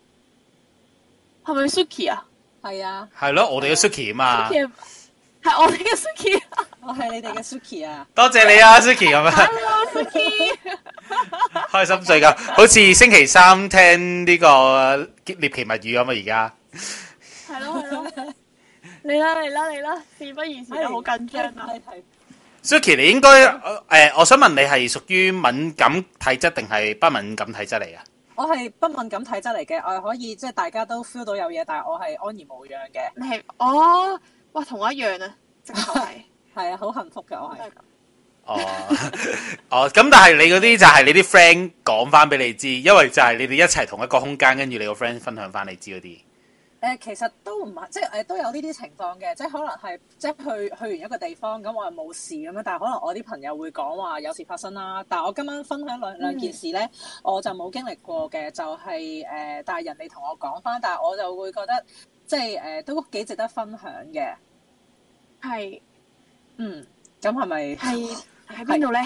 係咪 Suki 啊？係啊，係咯、 啊啊 啊，我哋嘅 Suki 啊嘛。係我哋嘅 Suki，我係你哋嘅 Suki 啊！多謝你啊，Suki 咁樣。Hello，Suki， 開心醉噶，好似星期三聽呢個獵奇物語咁啊！而家係咯係咯，你啦你啦你啦，事不宜遲又好緊張啊！睇 Suki，你應該誒、呃，我想問你係屬於敏感體質定係不敏感體質嚟啊？我係不敏感體質嚟嘅，我係可以即係大家都 feel 到有嘢，但係我係安然無恙嘅。係哦是。Oh? 哇，同我一樣啊，真係係啊，好幸福㗎我係、啊。 哦，哦，咁但係你嗰啲就係你啲 friend 講翻俾你知，因為就係你哋一齊同一個空間，跟住你個 friend 分享翻你知嗰啲。誒、呃，其實都唔係，即係誒、呃、都有呢啲情況嘅，即係可能係即係去去完一個地方，咁我係冇事咁樣，但係可能我啲朋友會講話有事發生啦。但係我今晚分享兩兩件事咧，我就冇經歷過嘅，就係、是、誒、呃，但係人哋同我講翻，但係我就會覺得。即係誒、呃，都幾值得分享嘅，係是，嗯，咁係咪係喺邊度咧？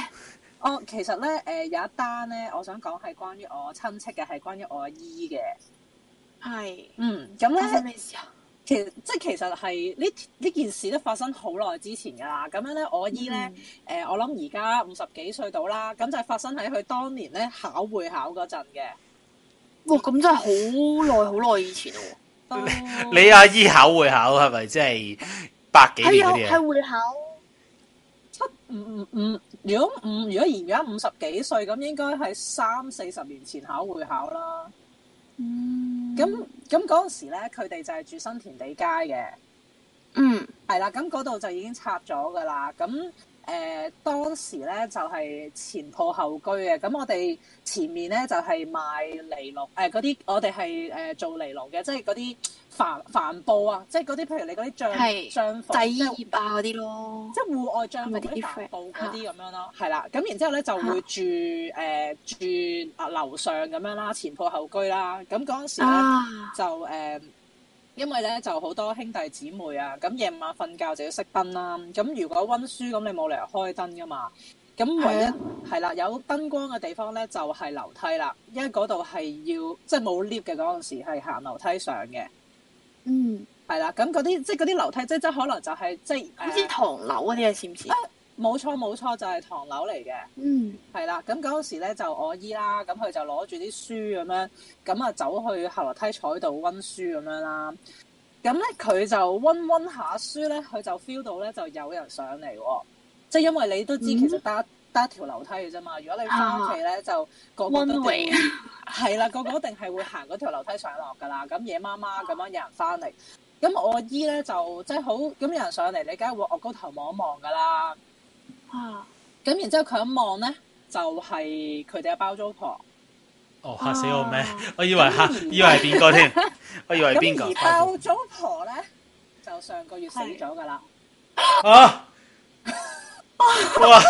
哦，其實咧，誒、呃，有一單咧，我想講係關於我親戚嘅，係關於我阿姨嘅，係是，嗯，咁咧，係咩事、啊、其實即係其實係呢呢件事都發生好耐之前噶啦，咁樣咧，我阿姨咧，誒、嗯呃，我諗而家五十幾歲到啦，咁就係發生喺佢當年咧考會考嗰陣嘅。哇，咁真係好耐好耐以前咯。你阿姨考會考係咪即係百幾年嘅嘢？係會考七五五五，如果五如果而家五十幾歲，咁應該係三四十年前考會考啦。嗯，咁咁嗰陣時咧，佢哋就係住新田地街嘅。嗯，係啦，咁嗰度就已經拆咗噶啦，咁。誒、呃、當時咧就係、是、前鋪後居嘅，咁我哋前面咧就係、是、賣尼龍，誒嗰啲我哋係誒做尼龍嘅，即係嗰啲帆帆布啊，即係嗰啲譬如你嗰啲帳是帳篷、底業啊嗰啲咯，即係戶外帳篷嗰啲帆布嗰啲咁樣咯，係啦、啊，咁然之後咧就會住誒、呃、住啊樓上咁樣啦，前鋪後居啦，咁嗰陣時咧、啊、就誒。就呃因為咧就好多兄弟姊妹啊，咁夜晚瞓覺就要熄燈啦。咁如果溫書咁，你冇理由開燈噶嘛。咁唯一係啦、啊，有燈光嘅地方咧就係、是、樓梯啦，因為嗰度係要即係冇 lift 嘅嗰陣時係行樓梯上嘅。嗯，係啦。咁嗰啲即係嗰啲樓梯，即係即係可能就係、是、即係唔知唐樓嗰啲啊，似唔似？冇錯冇錯，就係、是、唐樓嚟嘅。嗯，係啦。咁嗰時咧就我姨啦，咁佢就攞住啲書咁樣，咁啊走去後樓梯坐喺度温書咁樣啦。咁咧佢就温温下書咧，佢就 feel 到咧就有人上嚟喎。即係因為你都知，嗯、其實得得一條樓梯嘅啫嘛。如果你翻屋企咧，啊、就個個都定係，係啦味，個個一定係會行嗰條樓梯上落噶啦。咁夜媽媽咁樣有人翻嚟，咁我姨咧就即係好咁，有人，有人上嚟你梗係會擰高頭望一望噶啦。啊！咁然之後佢一望咧，就係佢哋嘅包租婆。哦，嚇死我咩？啊、我以為吓， 以為係邊個添？ 我以為係邊個？包租婆咧， 就上個月死咗噶啦。啊！ 哇！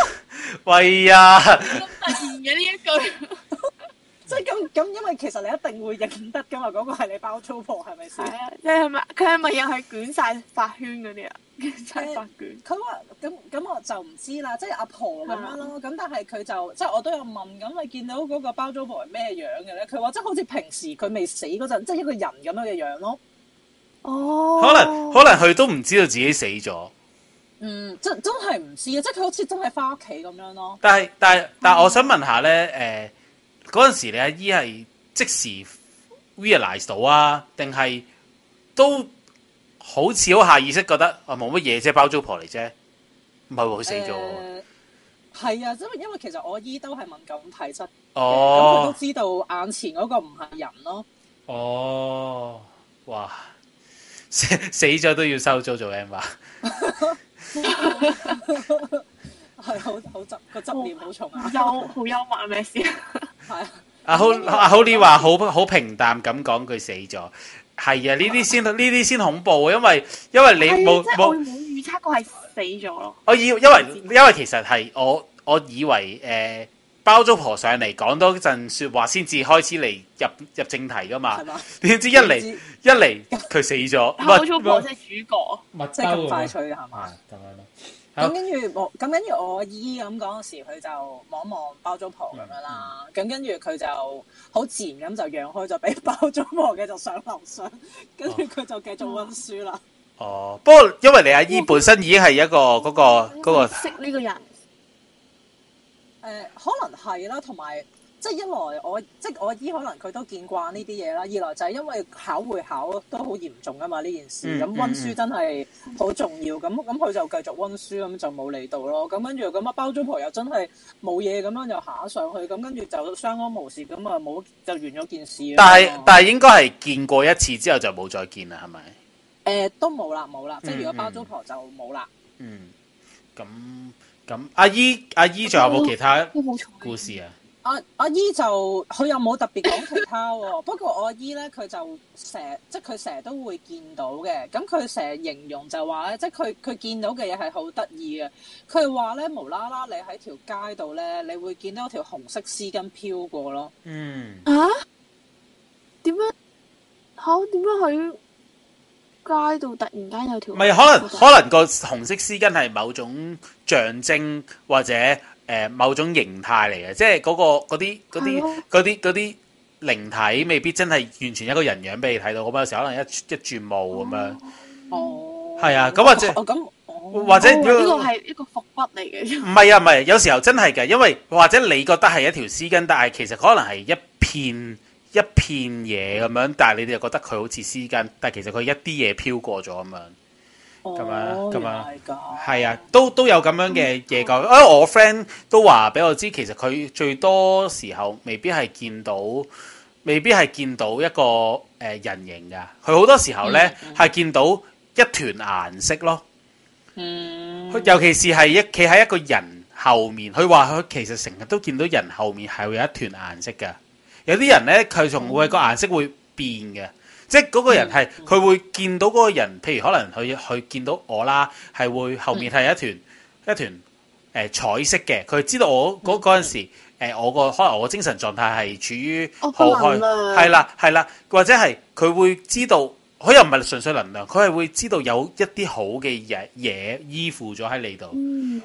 喂呀！咁突然嘅呢一句。 即係咁咁，因為其實你一定會認得噶嘛，嗰 個係你包租婆係咪先？係 啊，你係咪佢係咪又係捲晒髮圈嗰啲啊？捲晒髮捲。佢話咁咁，我就唔知啦。即、就、係、是、阿婆咁樣咯。咁但係佢就即係、就是、我都有問，咁、嗯、你見到嗰個包租婆係咩樣嘅咧？佢話即係好似平時佢未死嗰陣，即、就、係、是、一個人咁樣嘅樣咯。哦。可能可能佢都唔知道自己死咗。嗯，即係真係唔知啊！即係佢好似真係返屋企咁樣咯但。但係但係但係，我想問下咧，誒、呃。嗰陣時你阿姨係即時 realize 到啊，定係都好似好下意識覺得啊冇乜嘢啫，包租婆嚟啫，唔係喎，佢死咗？係啊，因為因為其實我姨都係敏感體質，咁佢、哦嗯、都知道眼前嗰個唔係人咯。哦，哇，死咗都要收租做咩啊？係好好執，個執念好重，幽好幽默咩事啊？係啊！啊好啊好啲話，好好平淡咁講佢死咗，係啊，呢啲先呢啲先恐怖，因為因為你冇冇預測過係死咗咯。我以因為因為其實係我我以為誒包租婆上嚟講多陣說話先至開始嚟入入正題噶嘛。係嘛，點知一嚟一嚟佢死咗？包租婆即係主角，即係咁快脆係嘛？咁啊！咁、哦、跟住我，咁跟住我姨咁嗰時，佢就望望包租婆咁樣啦。咁、嗯嗯、跟住佢就好自然咁就讓開咗俾包租婆嘅，就，就上樓上。跟住佢就繼續溫書啦、哦。哦，不、哦、過因為你阿姨本身已經係一個嗰、嗯那個嗰、嗰個識呢個人。誒、嗯呃，可能係啦，同埋。即係一來我即係我姨可能佢都見慣呢啲嘢啦，二來就係因為考會考都好嚴重㗎嘛呢件事，咁温書真係好重要，咁咁佢就繼續温書，咁就冇嚟到咯，咁跟住咁啊包租婆又真係冇嘢，咁樣就行上去，咁跟住就相安無事，咁啊冇就完咗件事。但係樣但係應該係見過一次之後就冇再見啦，係咪？誒，都冇啦，冇啦，即係如果包租婆就冇啦、嗯。嗯，咁咁阿姨阿姨仲有冇其他故事啊？阿、啊、阿姨就佢又冇特別講其他、哦、 不過我阿姨咧，佢就成即係佢成日都會見到嘅，咁佢成日形容就話咧，即係佢佢見到嘅嘢係好得意嘅。佢話咧，無啦啦你喺條街度咧，你會見到條紅色絲巾飄過咯。嗯啊，點樣？好，點樣喺街度突然間有條？唔、嗯、可能可能個紅色絲巾係某種象徵或者。某種形態嚟嘅，即係嗰、嗰個嗰啲嗰啲嗰啲啲靈體未必真係完全一個人樣俾你睇到，咁有時候可能一一轉霧咁樣，係、哦哦、啊，咁或者、哦哦、或者呢、哦呢個係一個伏筆嚟嘅，唔係啊，唔係有時候真係嘅，因為或者你覺得係一條絲巾，但係其實可能係一片一片嘢咁樣，但係你哋又覺得佢好似絲巾，但係其實佢一啲嘢飄過咗咁樣。咁樣，咁樣，係啊，都都有咁樣嘅嘢㗎。誒、嗯，我 friend 都話俾我知，其實佢最多時候未必係見到，未必係見到一個誒人形㗎。佢好多時候咧，係、嗯、見到一團顏色咯。嗯，尤其是係一企喺一個人後面，佢話佢其實成日都見到人後面係會有一團顏色㗎。有啲人咧，佢仲會個顏、嗯、色會變嘅。即係嗰個人係佢會見到嗰個人，譬如可能佢佢見到我啦，係會後面係有一團、嗯、一團誒、呃、彩色嘅，佢知道我嗰嗰陣時、呃、我個可能我精神狀態係處於好開，係啦係啦，或者係佢會知道。佢又唔係純粹能量，佢係會知道有一啲好嘅嘢嘢依附咗喺你度，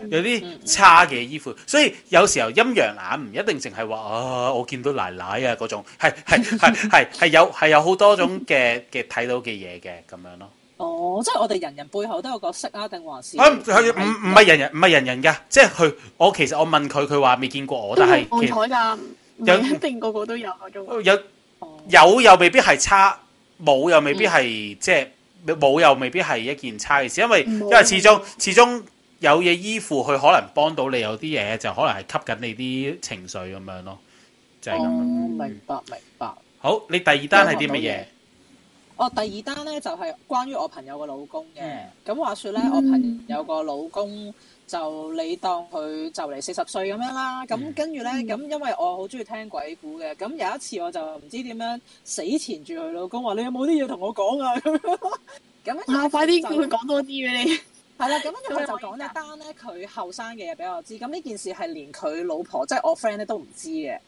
有啲差嘅依附。所以有時候陰陽眼唔一定淨係話啊，我見到奶奶啊嗰種，係係係係係有係有好多種嘅嘅睇到嘅嘢嘅咁樣咯。哦，即係我哋人人背後都有個色啊，定還是？啊，係唔唔係人人唔係人人㗎，即係佢。我其實我問佢，佢話未見過我，但係其實有台架，唔一定個個都有嗰種。有有又未必係差。冇又未必係，嗯、即係冇又未必係一件差嘅事，因為有因為始終始終有嘢依附佢，可能幫到你有啲嘢，就可能係吸緊你啲情緒咁樣咯，就係、是、咁、哦嗯。明白明白。好，你第二單係啲乜嘢？哦、嗯，嗯、我第二單呢，就係、是、關於我朋友個老公嘅。咁、嗯、話說呢，我朋友個老公。就你當佢就嚟四十歲咁樣啦，咁、嗯、跟住咧，咁、嗯、因為我好中意聽鬼故嘅，咁有一次我就唔知點樣死纏住佢老公話：你有冇啲嘢同我講啊？咁 啊，快啲叫佢講多啲俾你。係 啦，咁跟住佢就講一單咧，佢後生嘅嘢俾我知。咁呢件事係連佢老婆，即係我 friend 咧都唔知嘅。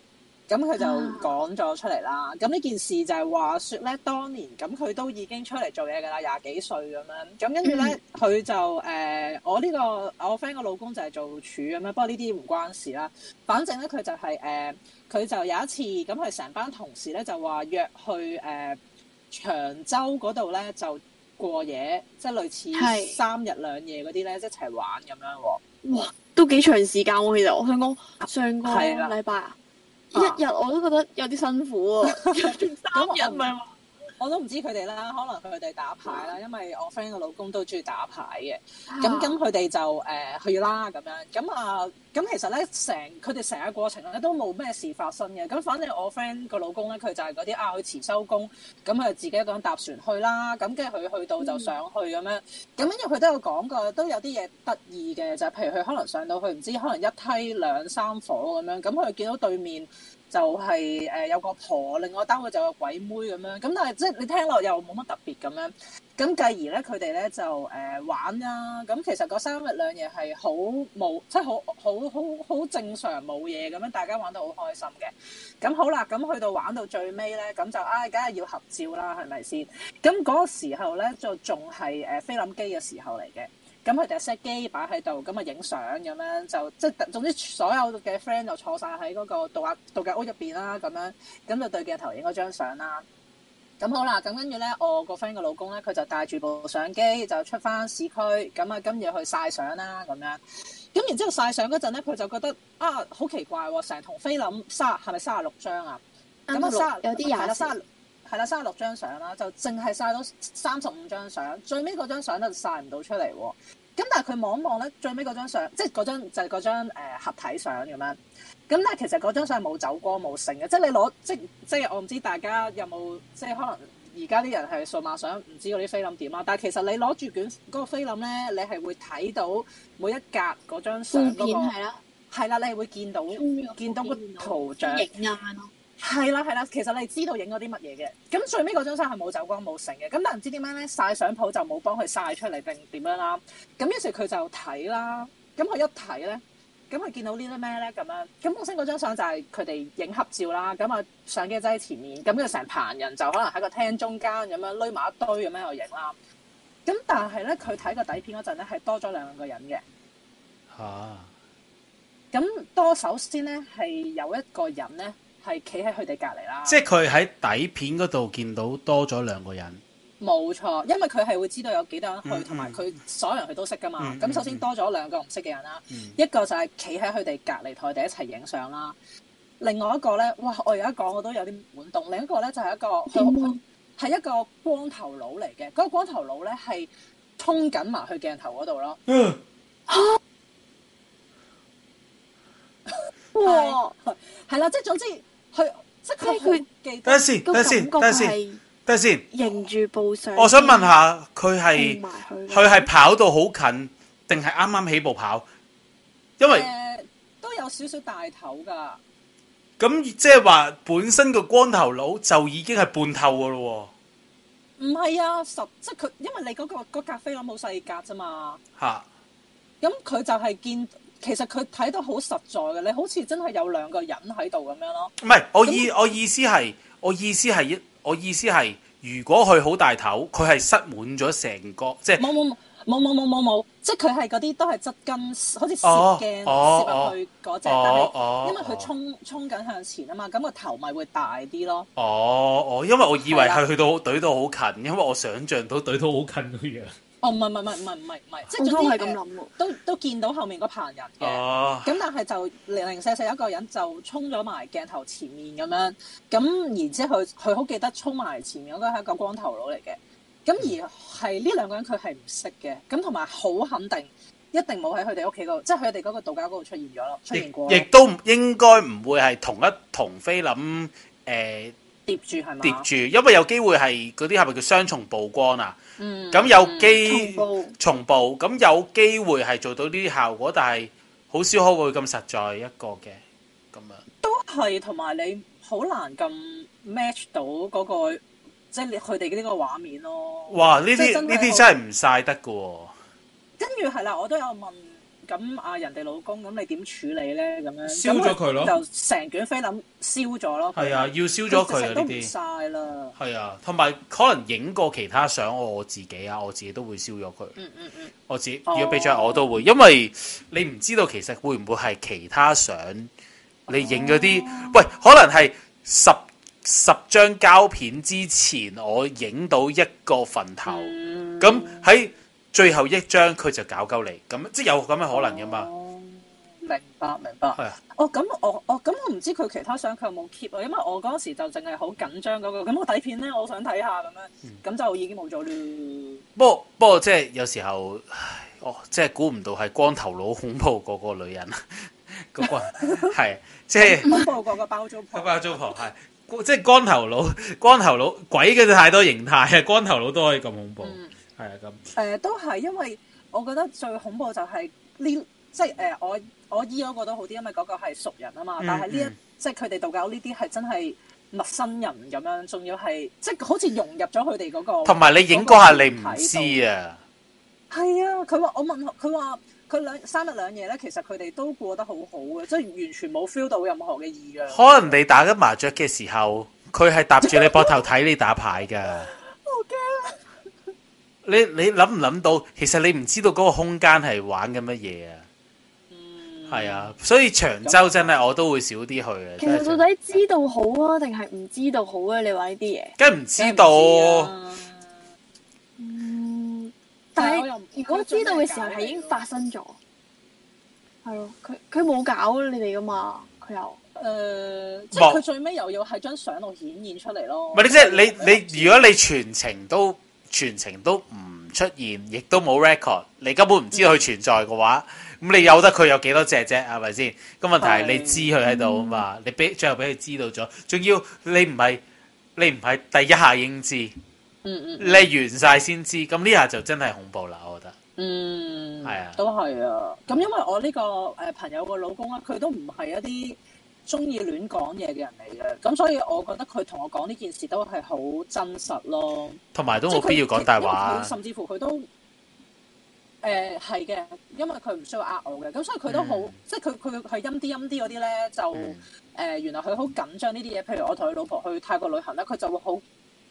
咁佢、嗯、就講咗出嚟啦。咁呢件事就係話説咧，當年咁佢都已經出嚟做嘢噶啦，廿幾歲咁樣。咁跟住咧，佢就誒、呢個、我呢個我 friend 個老公就係做廚咁樣。不過呢啲唔關事啦。反正咧，佢就係誒佢就有一次咁，佢成班同事咧就話約去誒、呃、長洲嗰度咧就過夜，即係類似三日兩夜嗰啲咧一齊玩咁樣喎。哇！都幾長時間喎、啊。其實我想講上個禮拜啊。一日我都覺得有啲辛苦喎、啊，三日唔係我都唔知佢哋啦，可能佢哋打牌啦，因為我 friend 個老公都中意打牌嘅，咁咁佢哋就誒、呃、去啦咁樣，咁啊咁其實咧，成佢哋成個過程咧都冇咩事發生嘅，咁反正我 friend 個老公咧，佢就係嗰啲啊，佢遲收工，咁佢自己一個人搭船去啦，咁跟住佢去到就上去咁樣，咁跟住佢都有講過，都有啲嘢得意嘅就係、是，譬如佢可能上到去唔知可能一梯兩三伙咁樣，咁佢見到對面，就係誒有個婆，另外單位就有鬼妹咁樣，咁但係即係你聽落又冇乜特別咁樣，咁繼而咧佢哋咧就誒玩啦，咁其實嗰三日兩夜係好冇，即係好好好好正常冇嘢咁樣，大家玩到好開心嘅，咁好啦，咁去到玩到最尾咧，咁就啊，梗係要合照啦，係咪先？咁嗰個時候咧就仲係誒菲林機嘅時候嚟嘅。咁佢就 set 機擺喺度，咁啊影相咁樣就即係總之所有嘅 friend 就坐晒喺嗰個度假度假屋入邊啦，咁樣咁就對鏡頭影嗰張相啦。咁好啦，咁跟住咧，我個 friend 嘅老公咧，佢就帶住部相機就出翻市區，咁啊跟住去晒相啦，咁樣。咁然之後晒相嗰陣咧，佢就覺得啊好奇怪喎、哦，成筒菲林，卅係咪卅六張啊？咁啊卅有啲廿卅。係啦、嗯，三十六張相啦，就淨係晒到三十五張相，最尾嗰張相咧晒唔到出嚟喎。咁但係佢望一望咧，最尾嗰張相，即係嗰張就係、係、嗰張、呃、合體相咁樣。咁但係其實嗰張相係冇走光冇剩嘅，即係你攞即即係我唔知大家有冇即係可能而家啲人係數碼相，唔知嗰啲菲林點啊。但係其實你攞住卷嗰個菲林咧，你係會睇到每一格嗰張相嗰、嗰個係啦，你係會見到見到個圖像。係啦係啦，其實你知道影咗啲乜嘢嘅。咁最尾嗰張相係冇走光冇成嘅，咁但唔知點解咧晒相鋪就冇幫佢晒出嚟定點樣啦。咁於是佢就睇啦，咁佢一睇咧，咁佢見到呢啲咩咧？咁樣，咁本身嗰張相就係佢哋影合照啦，咁啊相機仔喺前面，咁佢成棚人就可能喺個廳中間咁樣堆埋一堆咁樣去影啦。咁但係咧佢睇個底片嗰陣咧係多咗兩個人嘅吓，咁、啊、多首先咧係有一個人咧，係企喺佢哋隔離啦。即係佢喺底片嗰度見到多咗兩個人。冇錯，因為佢係會知道有幾多人去，同埋佢所有人佢都識噶嘛。咁首先多咗兩個唔識嘅人啦，一個就係企喺佢哋隔離同佢哋一齊影相啦。另外一個咧，哇！我而家講我都有啲滿動。另一個咧就係一個係一個光頭佬嚟嘅。嗰個光頭佬咧係衝緊埋去鏡頭嗰度咯。嗯。係啦，即係總之。佢即係佢記得個感覺，係，等下先迎住步上。我想問下佢係佢係跑到好近，定係啱啱起步跑？因為、呃、都有少少大頭噶。咁即係話本身個光頭佬就已經係半透噶咯。唔係啊，實即係佢，因為你嗰、那個嗰、那個那個、咖啡咁冇細格啫嘛。吓哈，咁佢就係見。其實佢睇到好實在嘅，你好似真係有兩個人喺度咁樣咯。唔係，我意那我意思係，我意思係我意思係如果佢好大頭，佢係塞滿咗成個，即係冇冇冇冇冇冇冇，即係佢係嗰啲都係側根，好似攝鏡攝入、啊啊、去嗰隻，因為佢衝衝緊向前啊嘛，咁、那個頭咪會大啲咯。哦哦、啊啊，因為我以為係去到對到好近，對對因為我想像到對到好近嘅樣。對哦，唔係唔係唔係唔係唔係，普通係咁諗都都見到後面個棚人嘅。咁、哦、但係就零零舍舍有個人就衝咗埋鏡頭前面咁樣，咁然之後佢好記得衝埋前面嗰個係一個光頭佬嚟嘅，咁而係呢兩個人佢係唔識嘅，咁同埋好肯定一定冇喺佢哋屋企嗰度，即係佢哋嗰個度假嗰度出現咗咯，出現過。亦都應該唔會係同一同菲林誒。呃疊住係嘛？疊住，因為有機會係嗰啲係咪叫雙重曝光啊？嗯，咁有機、嗯、重，重曝，咁有機會係做到呢啲效果，但係好少可會咁實在一個嘅咁樣。都係同埋你好難咁 match 到嗰、嗰個，即係佢哋嘅呢個畫面咯。哇！呢啲呢啲真係唔晒得噶。跟住係啦，我都有問。咁啊，人哋老公咁，你點處理呢？咁樣燒咗佢咯，就成卷菲林燒咗咯。係啊，要燒咗佢都唔晒啦。係啊，同埋些、啊、可能影過其他相我自己啊，我自己都會燒咗佢。嗯嗯嗯，我自己，如果俾咗我都會，因為你唔知道其實會唔會係其他相你影嗰啲，哦、喂，可能係十十張膠片之前我影到一個墳頭，咁喺。最後一張佢就搞鳩你，咁即係有咁嘅可能噶嘛？哦、明白，明白。係啊、哦。哦，咁我，哦咁我唔知佢其他相佢有冇 keep，因為我嗰時就淨係好緊張嗰、嗰個，咁我底片咧我想睇下咁樣，咁、嗯、就已經冇咗啦。不過不過即係有時候，哦即係估唔到係光頭佬恐怖嗰個女人， 嗰個骨係即係恐怖過個包租婆。 包租婆係即係光頭佬，光頭佬鬼嘅太多形態啊！光頭佬都可以咁恐怖。嗯。係啊，咁誒、呃、都係，因為我覺得最恐怖就係呢，即係誒、呃、我我依嗰個都好啲，因為嗰個係熟人啊嘛。但係呢一、嗯嗯、即係佢哋道教呢啲係真係陌生人咁樣，仲要係即係好似融入咗佢哋嗰個。同埋你影嗰下，你唔知啊，啊？係啊，佢話我問佢話佢兩三日兩夜咧，其實佢哋都過得好好嘅，即係完全冇 feel 到任何嘅異樣。可能你打緊麻雀嘅時候，佢係搭住你膊頭睇你打牌噶。 你你諗唔諗到？其實你唔知道嗰個空間係玩緊乜嘢啊？係、嗯、啊，所以長洲真係我都會少啲去。其實到底知道好啊，定係唔知道好咧、啊？你話呢啲嘢，梗係唔知道。知道啊嗯、但係如果知道嘅時候，係已經發生咗。係咯，佢佢冇搞你哋噶、啊、嘛？佢又，誒、呃，即係佢最尾又要喺張相度顯現出嚟咯。唔係你即係你你，你如果你全程都。全程都唔出現，亦都冇 record，你根本唔知道佢存在嘅話，咁、嗯、你有得佢有幾多隻啫？係咪先？咁問題係你知佢喺度啊嘛？你俾最後俾佢知道咗，仲要你唔係你唔係第一下應知，嗯嗯、你完晒先知，咁呢下就真係恐怖啦！我覺得，嗯，係啊，都係啊。咁因為我呢個誒朋友個老公啊，佢都唔係一啲中意亂講嘢嘅人嚟嘅，咁所以我覺得佢同我講呢件事都係好真實咯。同埋都冇必要講大話。甚至乎佢都，誒係嘅，因為佢唔需要呃我嘅，咁所以佢都好，嗯、即係佢佢係陰啲陰啲嗰啲咧，就誒、嗯呃、原來佢好緊張呢啲嘢，譬如我同佢老婆去泰國旅行咧，佢就會好，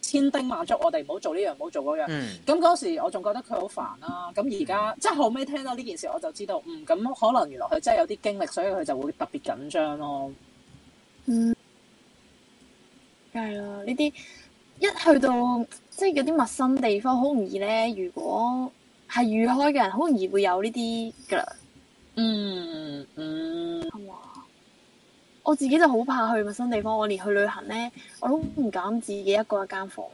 千叮萬囑，我哋唔好做呢樣，唔好做嗰樣。咁嗰時我仲覺得佢好煩啦。咁而家即係後尾聽到呢件事，我就知道，嗯，咁可能原來佢真係有啲經歷，所以佢就會特別緊張咯。嗯，係啊，呢啲一去到即係有啲陌生地方，好容易咧。如果係遇開嘅人，好容易會有呢啲噶。嗯嗯。我自己就好怕去陌生地方，我連去旅行呢，我都唔敢自己一個人，一間房，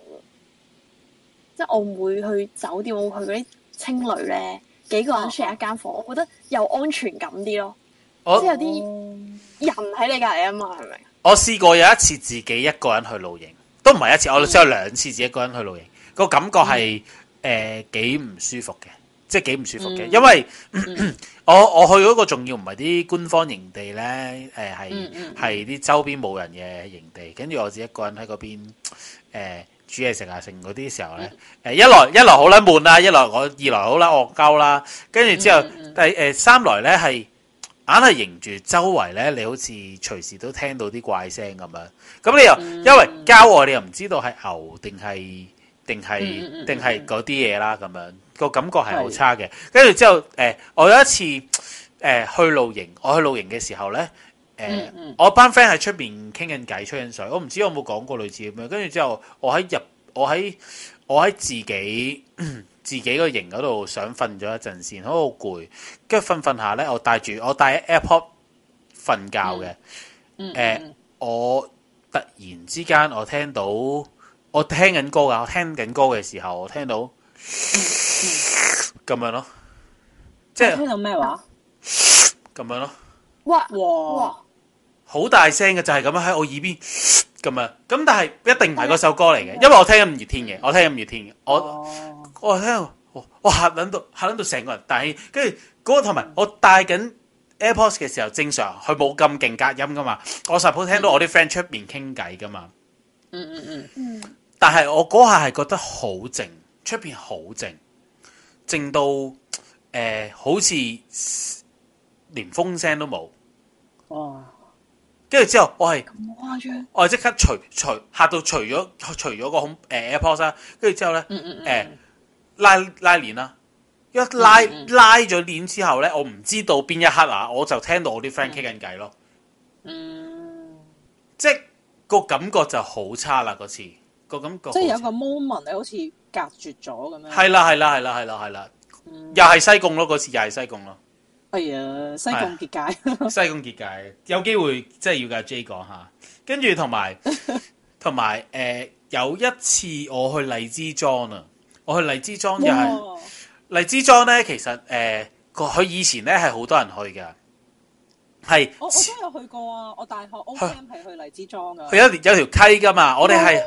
即係我唔會去酒店，我會去嗰啲青旅呢，幾個人 share 一間房，我覺得有安全感啲咯，我即係有啲人喺你隔籬啊嘛，係咪？我試過有一次自己一個人去露營，都唔係一次，我只有兩次自己一個人去露營，嗯、個感覺係誒、嗯呃、幾唔舒服嘅。即係幾唔舒服嘅，因為咳咳我我去嗰個仲要唔係啲官方營地呢，誒係係啲周邊冇人嘅營地，跟住我自己一個人喺嗰邊煮嘢食啊，食嗰啲時候呢，誒、呃、一來一來好啦悶啦，一來我二來好啦惡交啦，跟住之後第誒、呃、三來呢係硬係凝住周圍呢，你好似隨時都聽到啲怪聲咁樣，咁你又因為郊外，你又唔知道係牛定係定係定係嗰啲嘢啦咁樣。個感覺係好差嘅，跟住是的 之後，誒、呃，我有一次誒、呃、去露營，我去露營嘅時候咧，誒、呃嗯嗯，我班 friend 喺出邊傾緊偈、吹緊水，我唔知有冇講過類似咁樣。跟住之後，我喺入，我喺我喺自己自己個營嗰度想瞓咗一陣先，我好攰，跟住瞓瞓下咧，我帶住我帶，帶 AirPod 瞓覺嘅，誒、嗯嗯嗯呃，我突然之間我聽到我聽緊歌噶，我聽緊歌嘅時候我聽到、嗯。咁樣咯，即係聽到咩話？咁樣咯，哇哇，好大聲嘅就係、是、咁樣喺我耳邊咁樣，咁但係一定唔係嗰首歌嚟嘅。因為我聽五月天嘅，我聽五月天嘅，我、哦、我聽哇，哇嚇到，嚇到成個人大，跟住嗰個同埋我戴緊 AirPods 嘅時候，正常佢冇咁勁隔音噶嘛，我實會聽到我啲 friend 出面傾偈噶嘛，嗯嗯嗯嗯，嗯嗯，但係我嗰下係覺得好靜。出邊好靜，靜到誒，好似連風聲都冇。哦哇，跟住之後我係咁誇張，我即刻除除吓到除咗除咗個孔誒 AirPods 啦。跟住之後咧誒拉拉鏈啦，一拉拉咗鏈之後咧，我唔知道邊一刻啊，我就聽到我啲 friend 傾緊偈咯。嗯，即、個感覺就好差啦，嗰次、個感覺即係有個 moment，好似。啊隔絕咗咁樣，係啦係啦係啦係啦係啦，又 係 西貢咯嗰次，又係西貢咯，係啊西貢 結界， 西貢結界，有機會即係要架 J 講下，跟住同埋同埋誒，有一次我去荔枝莊啊，我去荔枝莊又係荔枝莊咧，其實誒，佢、呃、以前咧係好多人去噶。係是我我都有去過啊！我大學我 friend 係去荔枝莊噶，佢有有條溪噶嘛。我哋係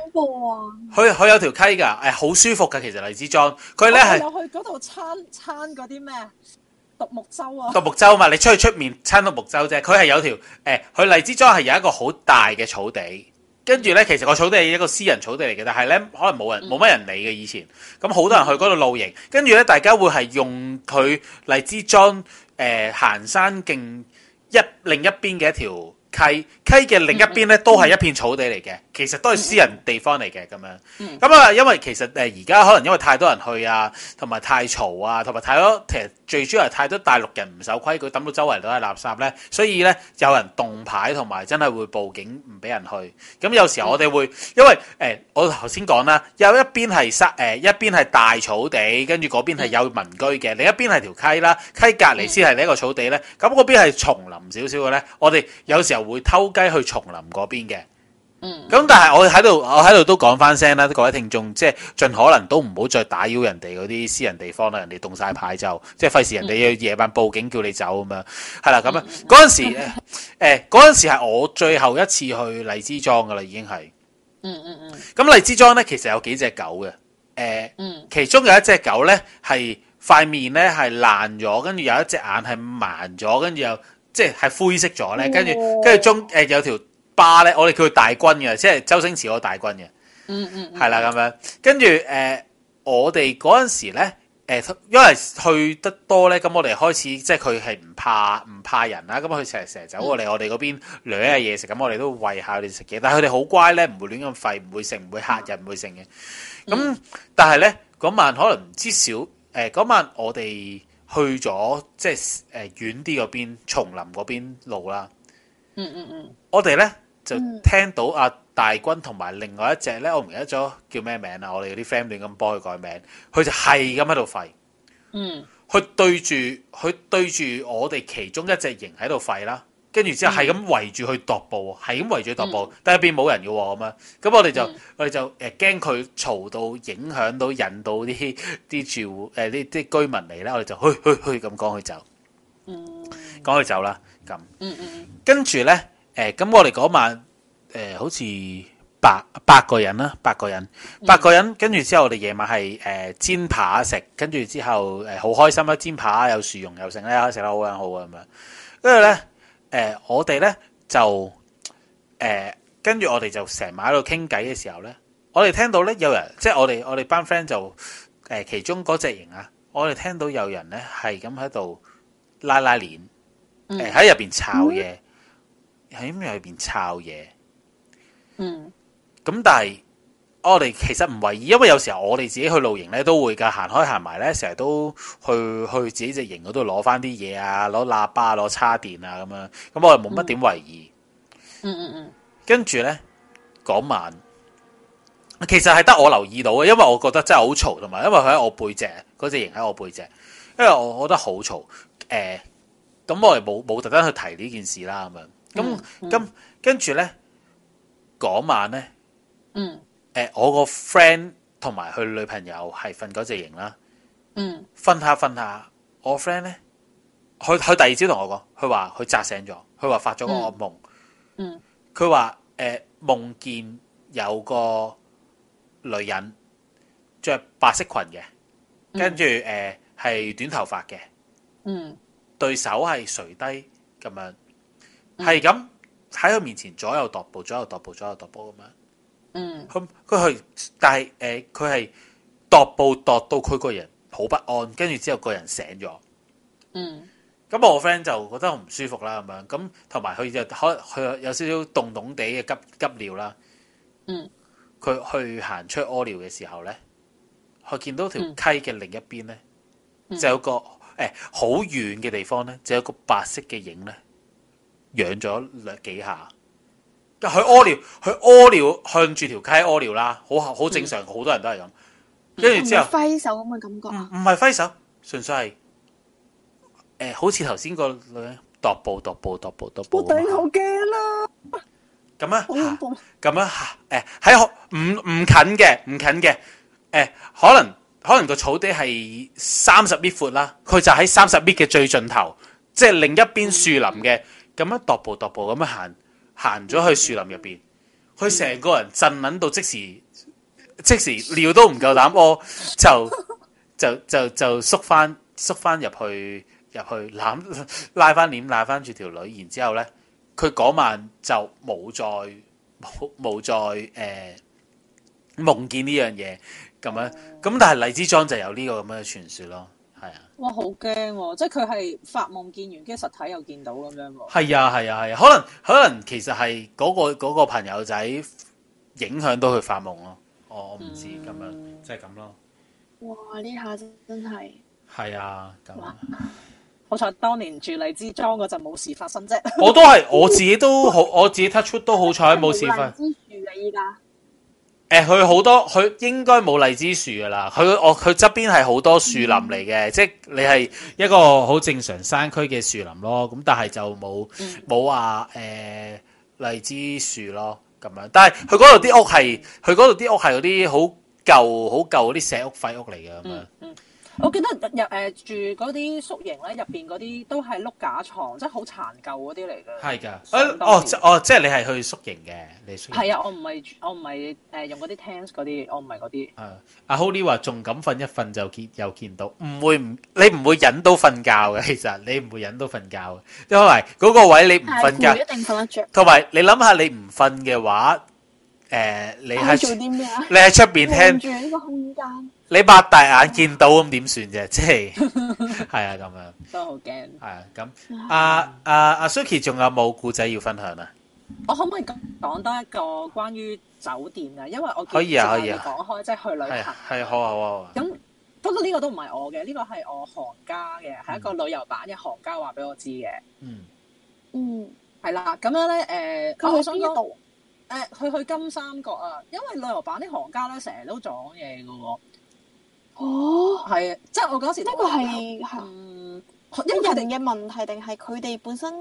佢佢有條溪噶，誒好舒服噶。其實荔枝莊佢咧係有去嗰度撐撐嗰啲咩獨木舟啊，獨木舟、啊、嘛，你出去出面撐獨木舟啫。佢係有條誒、欸，去荔枝莊係有一個好大嘅草地，跟住咧其實個草地係一個私人草地嚟嘅，但係咧可能冇人冇乜人理嘅以前咁，好多人去嗰度露營，跟住咧大家會係用佢荔枝莊誒、呃、行山徑，一另一邊嘅一條溪，溪嘅另一邊咧都係一片草地嚟嘅。其實都係私人地方嚟嘅咁樣，咁啊、嗯，因為其實誒而家可能因為太多人去啊，同埋太嘈啊，同埋太多，其實最主要係太多大陸人唔守規矩，抌到周圍都係垃圾咧，所以咧有人動牌，同埋真係會報警唔俾人去。咁有時候我哋會，因為誒、呃、我頭先講啦，有一邊係沙誒，一邊係大草地，跟住嗰邊係有民居嘅，嗯、另一邊係條溪啦，溪隔籬先係呢一個草地咧，咁嗰邊係叢林少少嘅咧，我哋有時候會偷雞去叢林嗰邊嘅。嗯，咁但係我喺度，我喺度都講翻聲啦，各位聽眾，即係盡可能都唔好再打擾人哋嗰啲私人地方啦，人哋凍晒牌就，即係費事人哋要夜晚報警叫你走咁樣，係啦，咁啊，嗰陣時誒嗰陣時係我最後一次去荔枝莊噶啦，已經係，嗯嗯嗯，咁荔枝莊咧其實有幾隻狗嘅，誒，其中有一隻狗咧係塊面咧係爛咗，跟住有一隻眼係盲咗，跟住又即係係灰色咗咧，跟住跟住中誒有條。花咧，我哋叫佢大軍嘅，即係周星馳嗰個大軍嘅，嗯，嗯嗯，係啦咁樣。跟住誒，我哋嗰陣時咧，誒、呃，因為去得多咧，咁我哋開始即係佢係唔怕唔怕人啦。咁佢成日成日走過嚟，嗯、我哋嗰邊掠下嘢食，咁我哋都餵下佢哋食嘢。但係佢哋好乖咧，唔會亂咁吠，唔會食，唔會嚇人，唔會食嘅。咁但係咧，嗰晚可能唔知少誒嗰，呃、晚我哋去咗即係誒遠啲嗰邊叢林嗰邊路啦，嗯。嗯嗯嗯，我哋咧。就聽到阿大軍同埋另外一隻咧，我唔記得咗叫咩名啦。我哋啲 friend 亂咁幫佢改名，佢就係咁喺度吠。嗯，佢對住佢對住我哋其中一隻鴿喺度吠啦，跟住之後係咁圍住佢踱步，係咁圍住佢踱步，但係邊冇人嘅喎咁樣。咁我哋就、嗯、我哋就誒驚佢嘈到影響到引到啲啲住戶誒啲啲居民嚟啦。我哋就去去去咁講佢走，講佢走啦咁。嗯嗯，跟住咧。誒、咁、呃、我哋嗰晚，誒、呃，好似八八個人啦，八個人，八個人，跟住之後我哋夜晚係誒煎扒食，跟住之後誒好開心啦，煎扒、呃、煎扒有薯蓉又剩咧，食得好靚好啊咁樣。跟住咧，誒、呃、我哋咧就誒跟住我哋就成晚喺度傾偈嘅時候咧，我哋聽到咧有人，即係我哋我哋班 friend 就誒、呃、其中嗰隻人啊，我哋聽到有人咧係咁喺度拉拉鏈，誒喺入邊炒嘢。呃喺咩入邊抄嘢。嗯，咁但係我哋其實唔為意，因為有時候我哋自己去露營咧都會噶行開行埋咧，成日都去去自己隻營嗰度攞翻啲嘢啊，攞喇叭，攞叉電啊，咁樣咁我哋冇乜點為意。嗯嗯嗯，跟住咧嗰晚其實係得我留意到嘅，因為我覺得真係好嘈，同埋因為佢喺我背脊嗰隻營喺我背脊，因為我覺得好嘈，誒、呃，咁我哋冇冇特登去提呢件事啦，咁樣。咁咁跟住咧，嗰晚咧，嗯，誒、嗯呃，我個 friend 同埋佢女朋友係瞓嗰隻型啦，嗯，瞓下瞓下，我 friend 咧，佢佢第二朝同我講，佢話佢扎醒咗，佢話發咗個噩夢，嗯，佢話誒夢見有個女人着白色裙嘅，跟住誒係短頭髮嘅，嗯，嗯，對手係垂低咁樣。係咁喺佢面前左右踱步，左右踱步，左右踱步咁樣。嗯，佢佢去，但係誒，佢係踱步踱到佢個人好不安，跟住之後個人醒咗。嗯，咁我 friend 就覺得好唔舒服啦，咁樣咁，同埋佢就可佢有少少凍凍地嘅急急尿啦。嗯，佢去行出屙尿嘅時候咧，佢見到條溪嘅另一邊咧、嗯呃，就有個誒好遠嘅地方咧，就有個白色嘅影咧。養咗兩幾下，佢屙尿，佢屙尿向住條溪屙尿啦，好好正常，好、嗯、多人都係咁。跟住、嗯、之後揮手咁嘅感覺，唔唔係揮手，純粹係誒、呃，好似頭先個女人踱步踱步踱步踱步。步步步我頂我驚啦，咁、嗯、啊，咁啊，好恐怖咁樣，誒、啊，喺唔唔近嘅，唔近嘅，誒、啊，可能可能個草地係三十米闊啦，佢就喺三十米嘅最盡頭，即係另一邊樹林嘅。咁樣踱步踱步咁樣行，行咗去樹林入邊，佢成個人震撚到，即時即時尿都唔夠膽屙，就就就就縮翻縮翻入去入去攬拉翻臉拉翻住條女，然之後咧，佢嗰晚就冇再冇冇再誒、呃、夢見呢樣嘢咁樣，咁但係荔枝莊就有呢個咁嘅傳説咯。我好驚，即係佢係發夢見完，跟住實體又見到咁樣，哦。係啊係啊係、啊，可能可能其實係嗰、嗰個、嗰個朋友仔影響到佢發夢咯。我我唔知咁樣，即係咁咯。哇！呢下真係。係啊，咁好彩當年住荔枝莊，嗰陣冇事發生啫。 我都係我自己都好， 我自己 touch 出都好彩冇 事發生。之樹啊，依家。誒，佢好、欸、多，佢應該冇荔枝樹㗎啦。佢我佢側邊係好多樹林嚟嘅，嗯、即係你係一個好正常山區嘅樹林咯。咁但係就冇冇話誒荔枝樹咯咁樣。但係佢嗰度啲屋係，佢嗰度啲屋係嗰啲好舊、好舊啲石屋、廢屋嚟嘅咁樣。嗯嗯我記得入誒住嗰啲宿營咧，入邊嗰啲都係碌架牀，即係好殘舊嗰啲嚟嘅。係㗎。哦哦，即係你係去宿營嘅，你宿營。係啊，我唔係我唔係誒用嗰啲 tents 嗰啲，我唔係嗰啲。誒，阿 Holly 話仲敢瞓一瞓就見又見到，唔會唔你唔會忍到瞓覺嘅。其實你唔會忍到瞓覺嘅，因為嗰個位你唔瞓覺一定瞓得著。同埋你諗下，你唔瞓嘅話，誒你喺做啲咩啊？你喺出邊聽住呢個空間。你擘大眼見到咁點算啫？即係，係啊，咁樣都好驚。係啊，咁阿阿、啊、阿、啊、Suki 仲有冇故仔要分享啊？我可唔可以講多一個關於酒店啊？因為我可以啊，可以啊。講有開即係、就是、去旅行係係，好啊，好啊。咁不過呢個都唔係我嘅，呢、這個係我行家嘅，係、嗯、一個旅遊版嘅行家話俾我知嘅。嗯嗯，係啦、嗯，咁樣咧，誒、呃啊，去去邊度？誒，去去金三角啊！因為旅遊版啲行家咧，成日都撞嘢嘅喎。哦，係啊，即係我嗰時，嗰個係嚇，嗯、因為一定嘅問題定係佢哋本身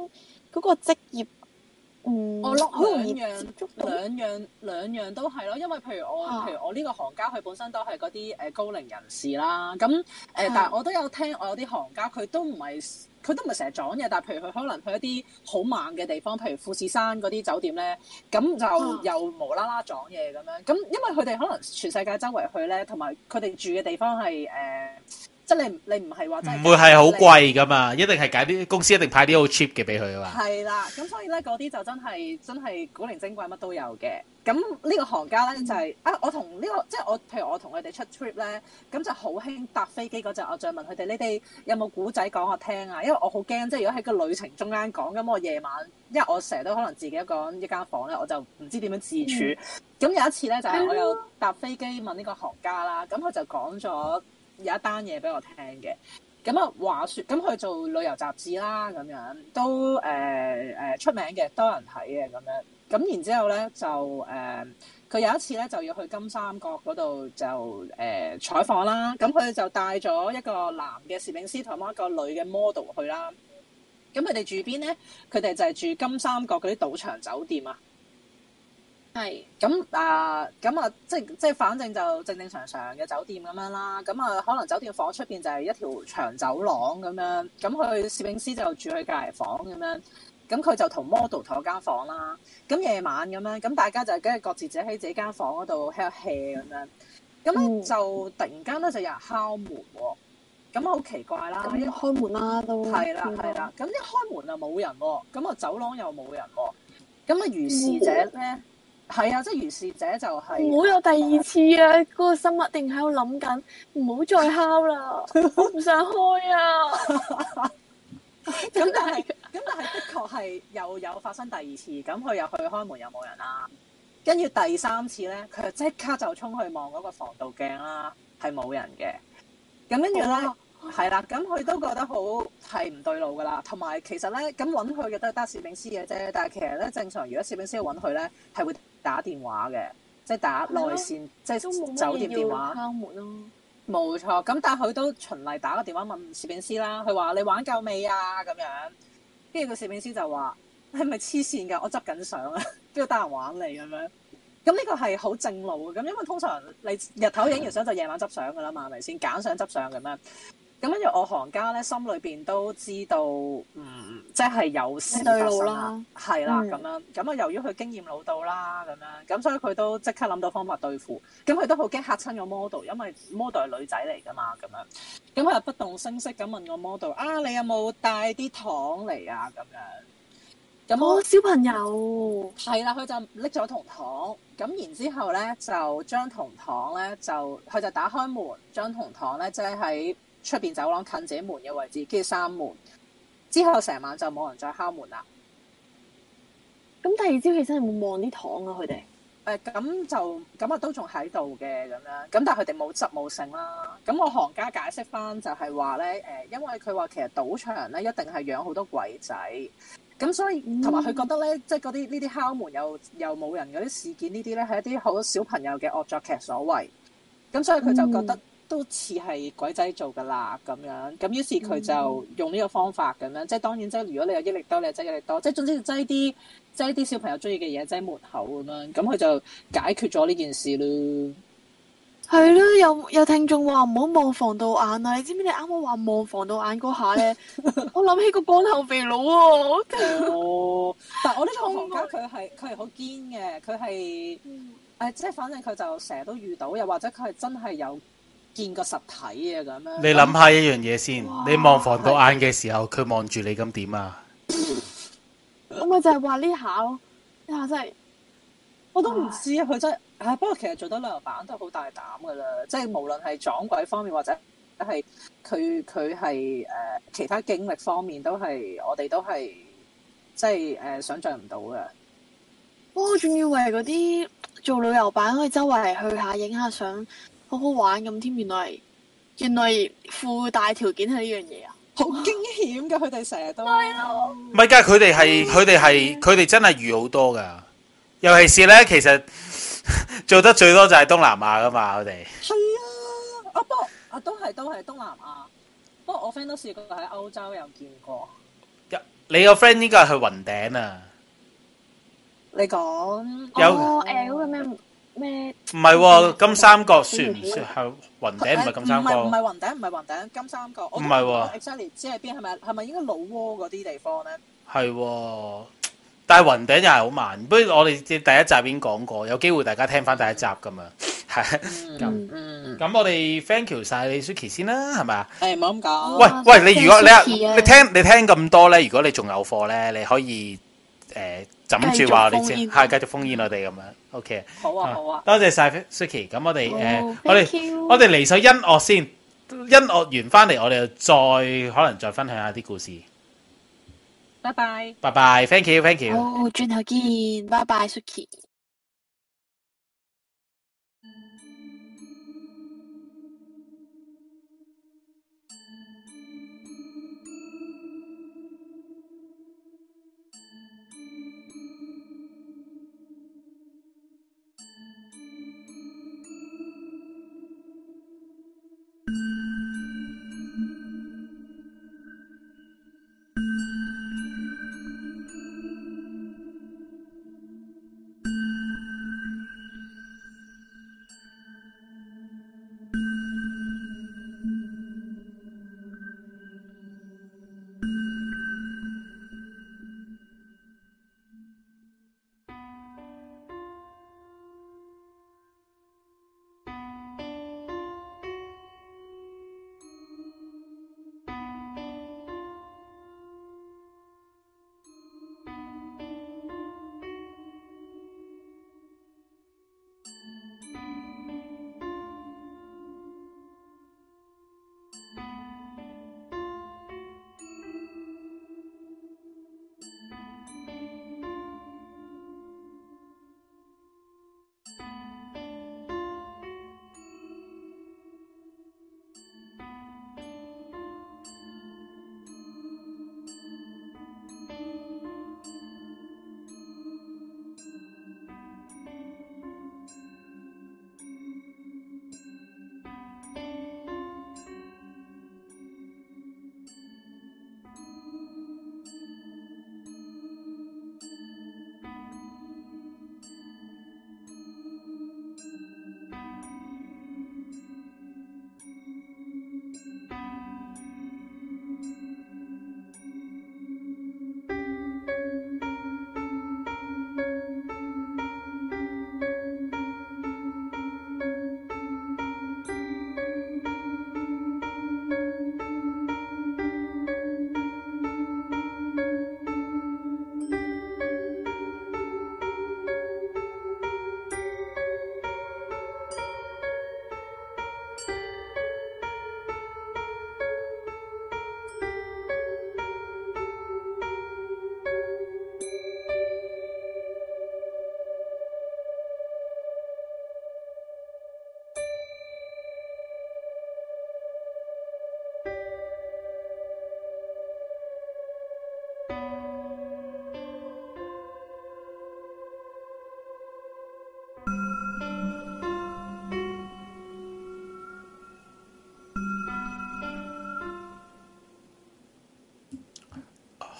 嗰個職業？嗯，我諗、哦、兩樣兩樣兩樣都係咯，因為譬如我、啊、譬如我呢個行家，佢本身都係嗰啲誒高齡人士啦，咁誒，呃啊、但係我都有聽我有啲行家佢都唔係。佢都唔係成日撞嘢，但係譬如佢可能去一啲好猛嘅地方，譬如富士山嗰啲酒店咧，咁就又無啦啦撞嘢咁樣，咁因為佢哋可能全世界周圍去咧，同埋佢哋住嘅地方係誒。呃即係你，你唔係話唔會係好貴噶嘛？你一定係解啲公司，一定派啲好 cheap 嘅俾佢啊嘛。係啦，咁所以咧，嗰啲就真係真係古靈精怪乜都有嘅。咁呢個行家咧就係、是嗯、啊，我同呢、這個即係我，譬如我同佢哋出 trip 咧，咁就好興搭飛機嗰陣，我再問佢哋，你哋有冇古仔講我聽啊？因為我好驚，即係如果喺個旅程中間講，咁我夜晚，因為我成日都可能自己一個人一間房咧，我就唔知點樣自處。咁、嗯嗯、有一次咧，就係、是、我有搭飛機問呢個行家啦，咁佢就講咗。有一單嘢俾我聽嘅，咁啊話説，咁佢做旅遊雜誌啦，咁樣都誒誒、呃、出名嘅，多人睇嘅咁樣。咁然之後咧就誒，佢、呃、有一次咧就要去金三角嗰度就誒、呃、採訪啦。咁佢就帶咗一個男嘅攝影師同埋一個女嘅 model 去啦。咁佢哋住邊咧？佢哋就係住金三角嗰啲賭場酒店啊。係咁啊，咁啊，即係即係，反正就正正常常嘅酒店咁樣啦。咁啊，可能酒店房出邊就係一條長走廊咁樣。咁佢攝影師就住喺隔籬房咁樣。咁佢就同 model 同一間房啦。咁夜晚咁樣，咁大家就梗係各自自己喺自己間房嗰度喺度 hea 咁樣。咁咧就、嗯，突然間咧就有人敲門、哦，咁啊好奇怪啦！一開門啦都係啦係啦，咁一開門啊冇人，咁啊走廊又冇人、哦，咁啊如是者咧。嗯係啊，即係如是者就係唔好有第二次啊！嗰個心一定喺度諗緊，唔好再敲啦， 我唔想開啊！咁 但係是，咁 但係，的確係又有發生第二次。咁佢又去開門又冇人啦。跟住第三次咧，佢就即刻就衝去望嗰個防盜鏡啦，係冇人嘅。咁跟住咧，係啦、oh.。咁佢都覺得好係唔對路噶啦。同埋其實咧，咁揾佢嘅都係得攝影師嘅啫。但係其實咧，正常如果攝影師要揾佢咧，係會。打電話嘅，即係打內線，的即係酒店電話。敲門咯、啊，冇錯。咁但係佢都循例打個電話問攝影師啦。佢話你玩夠未啊？咁樣，跟住個攝影師就話：係咪黐線噶？我執緊相啊，邊度得閒玩你咁樣？咁呢個係好正路嘅。咁因為通常你日頭影完相就夜晚執相噶啦嘛，係咪先揀相執相咁樣？咁跟住，我行家咧心裏邊都知道，嗯，即係有事發生啦，係啦，咁樣，嗯。咁啊，由於佢經驗老到啦，咁樣，咁所以佢都即刻諗到方法對付。咁佢都好驚嚇親個 model，因為 model 係女仔嚟噶嘛，咁樣。咁佢就不動聲色咁問個 model，啊，你有冇帶啲糖嚟啊？咁樣。咁，我小朋友係啦，佢就拎咗同糖。咁然之後咧，就將同糖咧，就佢就打開門，將同糖咧即係喺，出邊走廊近自己門嘅位置，跟住閂門，之後成晚就冇人再敲門啦。咁第二朝起身有冇望啲糖啊？佢哋誒，咁、呃、就咁啊，都仲喺度嘅咁樣。咁但係佢哋冇執冇性啦。咁我行家解釋翻就係話咧，誒、呃，因為佢話其實賭場咧一定係養好多鬼仔，咁所以同埋佢覺得咧，即係嗰啲呢啲敲門又又冇人嗰啲事件呢啲咧，係一啲好多小朋友嘅惡作劇所為。咁所以佢就覺得。嗯都似係鬼仔做噶啦咁樣，咁於是佢就用呢個方法咁樣，嗯、即係當然即係如果你有益力多，你就擠益力多，即係總之擠啲擠啲小朋友中意嘅嘢擠門口咁樣，咁佢就解決咗呢件事咯。係咯，有有聽眾話唔好望防盜眼啊！你知唔知你啱啱話望防盜眼嗰下咧？ 我諗起個光頭肥佬喎、啊 哦。但我呢個學家佢係佢係好堅嘅，佢係誒即係反正佢就成日都遇到，又或者佢係真係有。見個實體啊，咁樣。你諗下一樣嘢先，哇你望防盜眼嘅時候，佢望住你咁點啊？咁咪就係話呢下咯，呢下真係我都唔知啊！佢真係，不過其實做得旅遊版都好大膽噶啦，即係無論係撞鬼方面或者係佢佢係誒其他經歷方面都係我哋都係即係誒想象唔到嘅。不過，仲要係嗰啲做旅遊版可以周圍去下影下相。好好玩咁添，原來原來附帶條件係呢樣嘢啊！好驚險㗎，佢哋成日都係咯。唔係㗎，佢哋係佢哋係佢哋真係遇好多噶，尤其是咧，其實做得最多就係東南亞噶嘛，佢哋係啊。不過啊，都係都係東南亞，不過我 friend 都試過喺歐洲有見過。你個 friend 應該係去雲頂啊？你講有 L 嘅咩？唔係金三角，算唔算？係雲頂，唔係金三角。唔係唔係雲頂，唔係雲頂，金三角。唔係喎，exactly，即係邊係咪係咪應該老撾嗰啲地方咧？係，但係雲頂又係好慢。不如我哋第一集已經講過，有機會大家聽翻第一集咁啊。咁咁，我哋 thank you 晒你，Suki 先啦，係咪啊？唔好咁講。喂喂，你如果你你聽你聽咁多咧，如果你仲有貨咧，你可以誒，枕住話你下係繼續封煙我哋咁樣。O K，好啊好啊，好啊多謝晒 Suki，咁我哋誒，我哋我哋嚟首音樂先，音樂完返嚟我哋就再可能再分享下啲故事。拜拜，拜拜，Thank you，Thank you，thank you. 好，轉頭見，拜拜，Suki。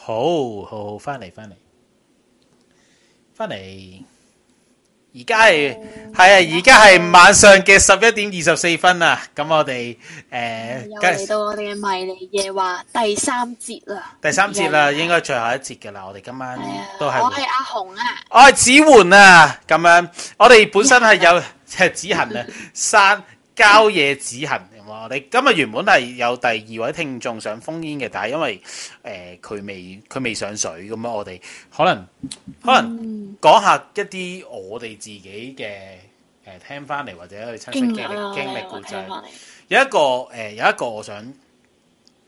好好好，翻嚟翻嚟翻嚟，而家係係啊，而家係晚上嘅十一點二十四分啊，咁我哋誒嚟到我哋嘅迷離夜話第三節啦，第三節啦，應該最後一節嘅啦，我哋今晚都係、嗯、我係阿紅啊，我係子桓啊，咁樣我哋本身係有隻子恒啊，山郊野子恒。我哋今日原本係有第二位聽眾想 phone in 嘅，但係因為誒佢未佢未上水咁樣，我哋可能、嗯、可能講一下一啲我哋自己嘅誒、呃、聽翻嚟或者去親身嘅有經，經歷故仔。有，有一個誒、呃、有一個我想誒、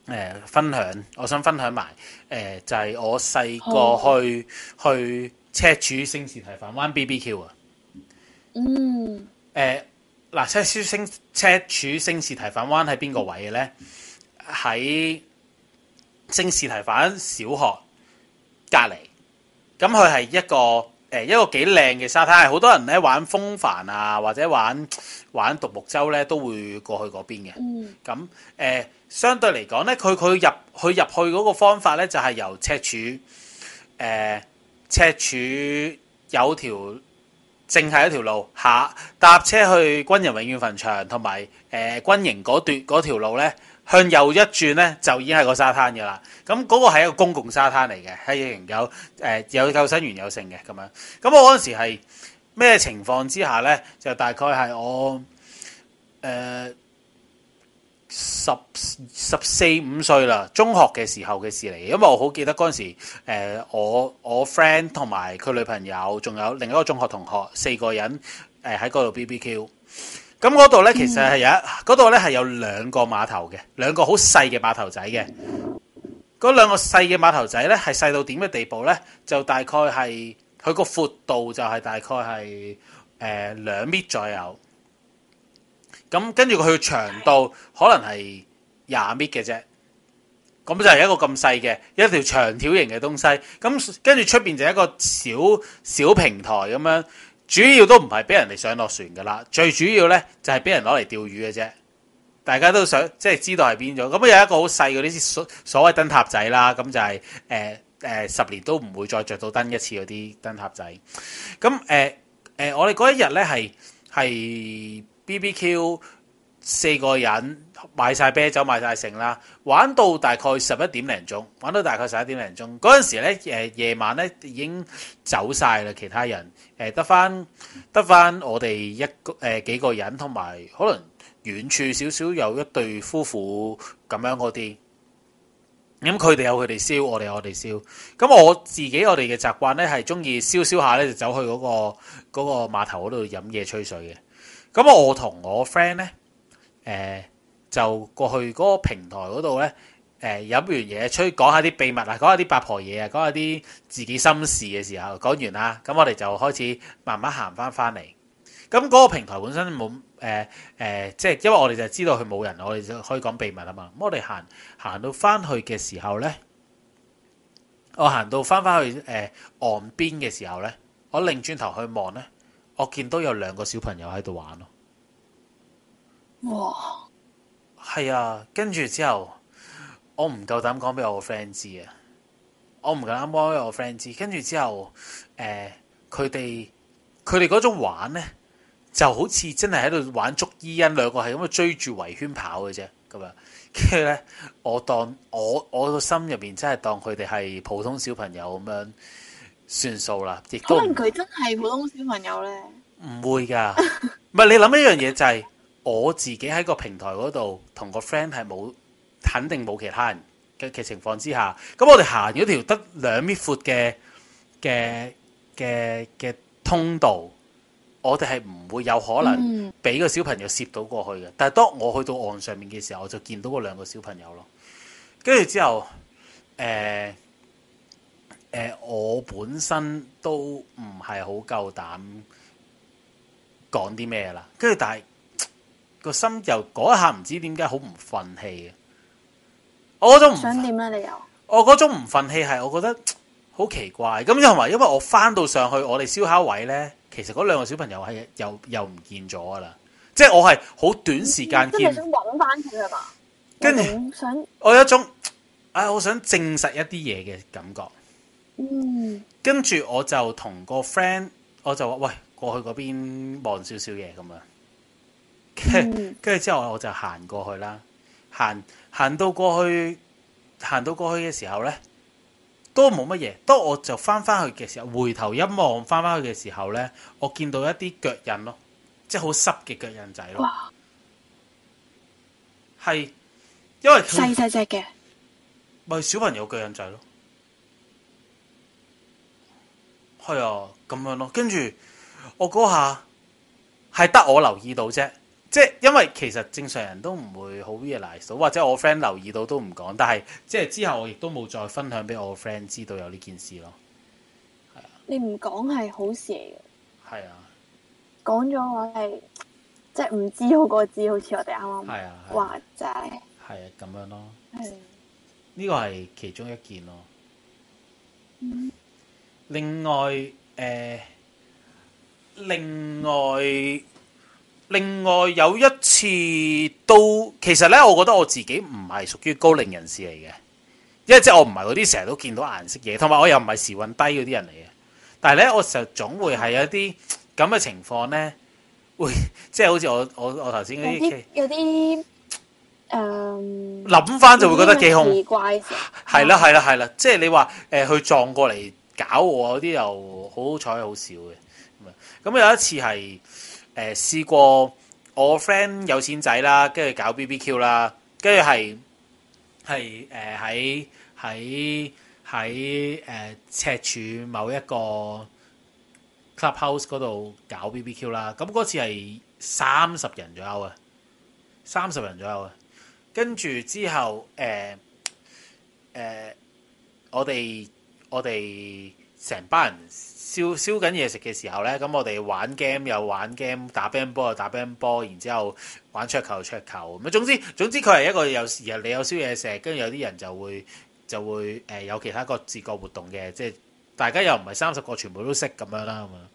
呃、分享，我想分享埋誒、呃、就係、是、我細個去、嗯、去，去赤柱聖士提反灣 B B Q 啊。嗯。誒、嗯。嗱，赤柱聖赤柱聖士提反灣喺邊個位嘅咧？喺聖士提反小學隔離，咁佢係一個誒、呃、一個幾靚嘅沙灘，係好多人咧玩風帆啊，或者玩玩獨木舟咧，都會過去嗰邊嘅。咁誒、嗯嗯，相對嚟講咧，佢佢入,入去入去嗰個方法咧，就係、是、由赤柱誒、呃、赤柱有條。淨係一條路下搭車去軍人永遠墳場同埋誒軍營嗰段嗰條路咧，向右一轉咧就已經係個沙灘嘅啦。咁、那、嗰個係一個公共沙灘嚟嘅，係有誒、呃、有救生員有剩嘅咁樣。咁我嗰陣時係咩情況之下咧？就大概係我誒。呃十十四五歲啦，中學嘅時候嘅事嚟。因為我好記得嗰陣時，誒、呃，我我 friend 同埋佢女朋友，仲有另一個中學同學，四個人誒喺嗰度 BBQ。咁嗰度咧，其實係有一，嗰度咧係有兩個碼頭嘅，兩個好細嘅碼頭仔嘅。嗰兩個細嘅碼頭仔咧，係細到點嘅地步咧，就大概係佢個闊度就係大概係誒兩米左右。咁跟住佢長度可能係廿米嘅啫，咁就係一個咁細嘅一條長條形嘅東西。咁跟住出邊就係一個小小平台咁樣，主要都唔係俾人哋上落船噶啦。最主要咧就係、是、俾人攞嚟釣魚嘅啫。大家都想即係知道係邊種。咁有一個好細嗰啲所所謂燈塔仔啦，咁就係誒誒十年都唔會再着到燈一次嗰啲燈塔仔。咁誒誒，我哋嗰一日咧係係。B B Q 四個人買晒啤酒買晒剩啦，玩到大概十一點零鐘，玩到大概十一點零鐘嗰陣時咧，誒夜，夜晚咧已經走晒啦，其他人誒得翻得翻我哋一個誒、呃、幾個人，同埋可能遠處少少有一對夫婦咁樣嗰啲，咁佢哋有佢哋燒，我哋有我哋燒。咁我自己我哋嘅習慣咧係中意燒燒下咧就走去嗰個嗰個碼頭嗰度飲嘢吹水嘅。咁我同我 friend 咧，誒、呃、就過去嗰個平台嗰度咧，誒、呃、飲完嘢，出去講下啲秘密啊，講下啲八婆嘢啊，講下啲自己心事嘅時候，講完啦，咁我哋就開始慢慢行翻翻嚟。咁嗰個平台本身冇誒誒，即係因為我哋就知道佢冇人，我哋就可以講秘密啊嘛。咁我哋行行到翻去嘅時候咧，我行到翻翻去誒、呃、岸邊嘅時候咧，我擰轉頭去望咧。我見到有兩個小朋友喺度玩咯，哇！係啊。跟住之後我唔夠膽講俾我個 friend 知啊，我唔夠膽講俾我 friend 知。跟住之後，誒，佢哋佢哋嗰種玩呢，就好似真係喺度玩捉伊人，兩個係咁樣追住圍圈跑嘅啫，咁樣。跟住呢，我當我我個心入邊真係當佢哋係普通小朋友咁樣。算數啦，亦都。可能佢真係普通小朋友呢，唔會㗎。唔係 你諗一樣嘢就係、是，我自己喺個平台嗰度同個 friend 係冇，肯定冇其他人嘅嘅情況之下，咁我哋行嗰條得兩米闊嘅嘅嘅嘅通道，我哋係唔會有可能俾個小朋友攝到過去嘅。嗯、但係當我去到岸上面嘅時候，我就見到個兩個小朋友咯。跟住之後，誒、呃。誒、呃，我本身都唔係好夠膽講啲咩啦。跟住，但係個心又嗰一下唔知點解好唔憤氣。我嗰種我想點咧？你又我種唔憤氣係，我覺得好奇怪。咁又同埋，因為我翻到上去我哋燒烤位呢，其實嗰兩個小朋友係又又唔見咗噶啦。即係我係好短時間見想搵翻佢啊嘛。跟住，我有一種啊，我想證實一啲嘢嘅感覺。跟住我就同個 friend，我就話喂，過去嗰邊望少少嘢咁樣，跟住之後我就行過去啦，行行到過去，行到過去嘅時候呢，都冇乜嘢。當我就翻翻去嘅時候，回頭一望，翻翻去嘅時候呢，我見到一啲腳印咯，即係好濕嘅腳印仔咯，係因為細細隻嘅，咪小朋友腳印仔咯。係啊，咁樣咯，跟住我嗰下係得我留意到啫，即係因為其實正常人都唔會好 realize 到，或者我 friend 留意到都唔講，但係即係之後我亦都冇再分享俾我 friend 知道有呢件事咯。係啊，你唔講係好事嚟嘅。係啊，講咗嘅話係即係唔知好過知，好似我哋啱啱係啊，或者，係啊，咁樣咯。呢個係其中一件咯。嗯另外，誒、呃，另外，另外有一次到，都其實咧，我覺得我自己唔係屬於高齡人士嚟嘅，因為即係我唔係嗰啲成日都見到顏色嘢，同埋我又唔係時運低嗰啲人嚟嘅。但係咧，我成日總會係有啲咁嘅情況咧，會，即係好似我我我頭先嗰啲有啲誒，諗翻、嗯、就會覺得幾奇怪。係啦，係啦，係啦，即係你話誒去撞過嚟。搞我嗰啲又好彩好少嘅咁啊！咁有一次係誒、呃、試過我 friend 有錢仔啦，跟住搞 BBQ 啦，跟住係係誒喺喺喺誒赤柱某一個 clubhouse 嗰度搞 BBQ 啦。咁嗰次係三十人左右啊，三十人左右啊。跟住之後，誒、呃、誒、呃、我哋。我哋成班人燒燒緊嘢食嘅時候咧，咁我哋玩 game 又玩 game，打兵波，又打兵波，然之後玩桌球桌球。咁啊，總之總之佢係一個有時日，你有宵夜食，跟住有啲人就會就會誒、呃、有其他個自個活動嘅，即係大家又唔係三十個全部都識咁樣啦，咁啊。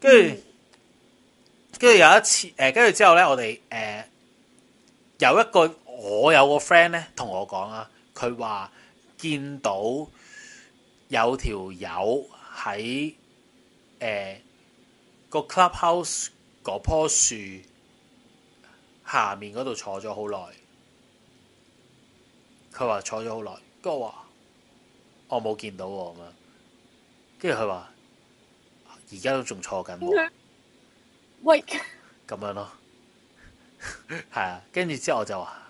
跟住跟住有一次誒，跟、呃、住之後咧，我哋誒、呃、有一個我有個 friend 咧同我講啊，佢話見到。有條友喺誒個 clubhouse 嗰棵樹下面嗰度坐咗好耐，佢話坐咗好耐，嗰個話我冇見到咁樣，跟住佢話而家都仲坐緊喎，咁樣咯，係 啊，跟住之後我就話。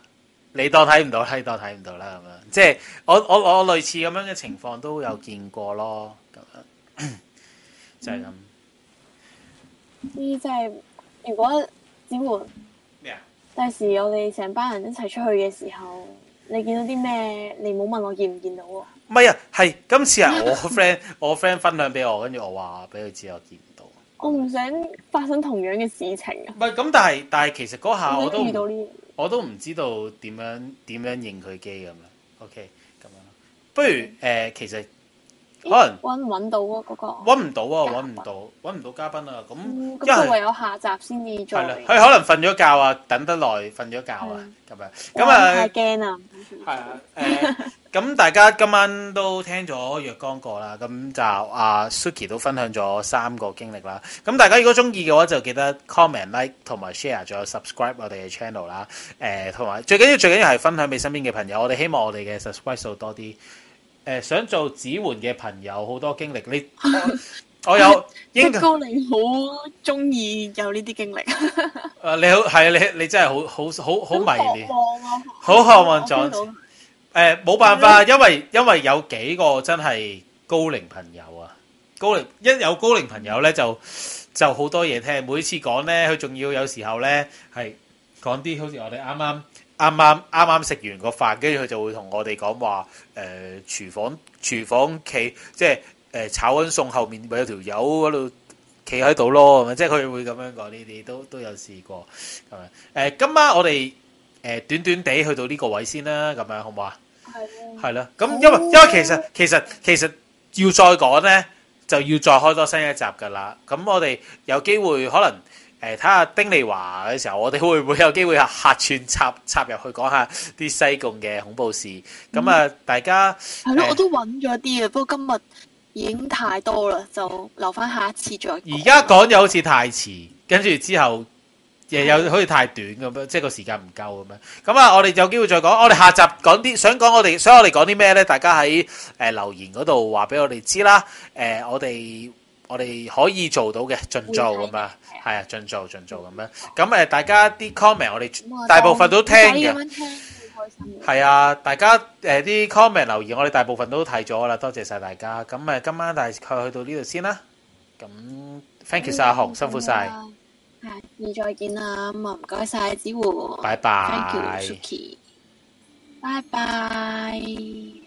你當睇唔到，睇當睇唔到啦咁樣，即係我我我類似咁樣嘅情況都有見過咯，咁樣就係咁。咦，即係如果子桓，咩啊？第時我哋成班人一齊出去嘅時候，你見到啲咩？你唔好問我見唔見到喎。唔係啊，係今次係我 friend， 我 friend 分享俾我，跟住我話俾佢知我見唔到。我唔想發生同樣嘅事情啊。唔係咁，但係但係其實嗰下我，我都遇到呢。我都唔知道點樣點樣認佢 gay 咁樣，OK，咁樣咯。不如誒、呃，其實。可能揾唔揾到喎嗰個，揾唔到啊，揾、那、唔、個到，啊、到，揾唔到嘉賓啊，咁、嗯，因為、嗯那個、唯有下集先至再，佢可能瞓咗覺啊，等得耐，瞓咗覺啊，咁、嗯、樣。咁啊，太驚啦！係啊，誒，咁大家今晚都聽咗若光過啦，咁、嗯、 就阿、啊、Suki 都分享咗三個經歷啦。咁大家如果中意嘅話，就記得 comment like 同埋 share，仲有 subscribe 我哋嘅 channel 啦。誒，同埋最緊要最緊要係分享俾身邊嘅朋友。我哋希望我哋嘅 subscribe 數多啲。誒，想做子桓嘅朋友好多經歷，你我有高齡好中意有呢啲經歷。誒，你好，係啊，你你真係好好好好迷啲。好渴望啊！好渴望撞到。誒，冇辦法，因為因為有幾個真係高齡朋友啊，高齡一有高齡朋友咧，就就好多嘢聽。每次講咧，佢仲要有時候咧係講啲好似我哋啱啱。啱啱啱啱食完個飯，跟住佢就會同我哋講話，誒、呃、廚房廚房企，即係誒、呃、炒緊餸，後面咪有條友度企喺度咯，咁樣即係佢會咁樣講呢啲，都都有試過咁樣。誒、呃，今晚我哋誒、呃、短短地去到呢個位先啦，咁樣好唔好啊？係咯，係咯。咁因為因為其實其實其實要再講咧，就要再開多新一集噶啦。咁我哋有機會可能。誒，睇下丁利華嘅時候，我哋會唔會有機會客串插插入去講下啲西貢嘅恐怖事？咁啊、嗯，大家係咯，我都揾咗啲啊，不過、欸、今日已經太多啦，就留翻下一次再講。而家講又好似太遲，跟住之後又又、嗯、好似太短咁樣，即係個時間唔夠咁樣。咁啊，我哋有機會再講，我哋下集講啲想講，我哋想我哋講啲咩咧？大家喺誒、呃、留言嗰度話俾我哋知啦。誒、呃，我哋。我哋可以做到嘅，盡做咁啊，係啊，盡做盡做咁樣。咁誒，大家啲 comment 我哋大部分都聽嘅，係啊，大家誒啲 comment 留言，我哋大部分都睇咗啦，多謝曬大家。咁誒，今晚大概去到呢度先啦。咁，thank you 曬阿紅，辛苦曬，係，而再見啦，唔該曬，子桓，拜拜，thank you，Suki，拜拜。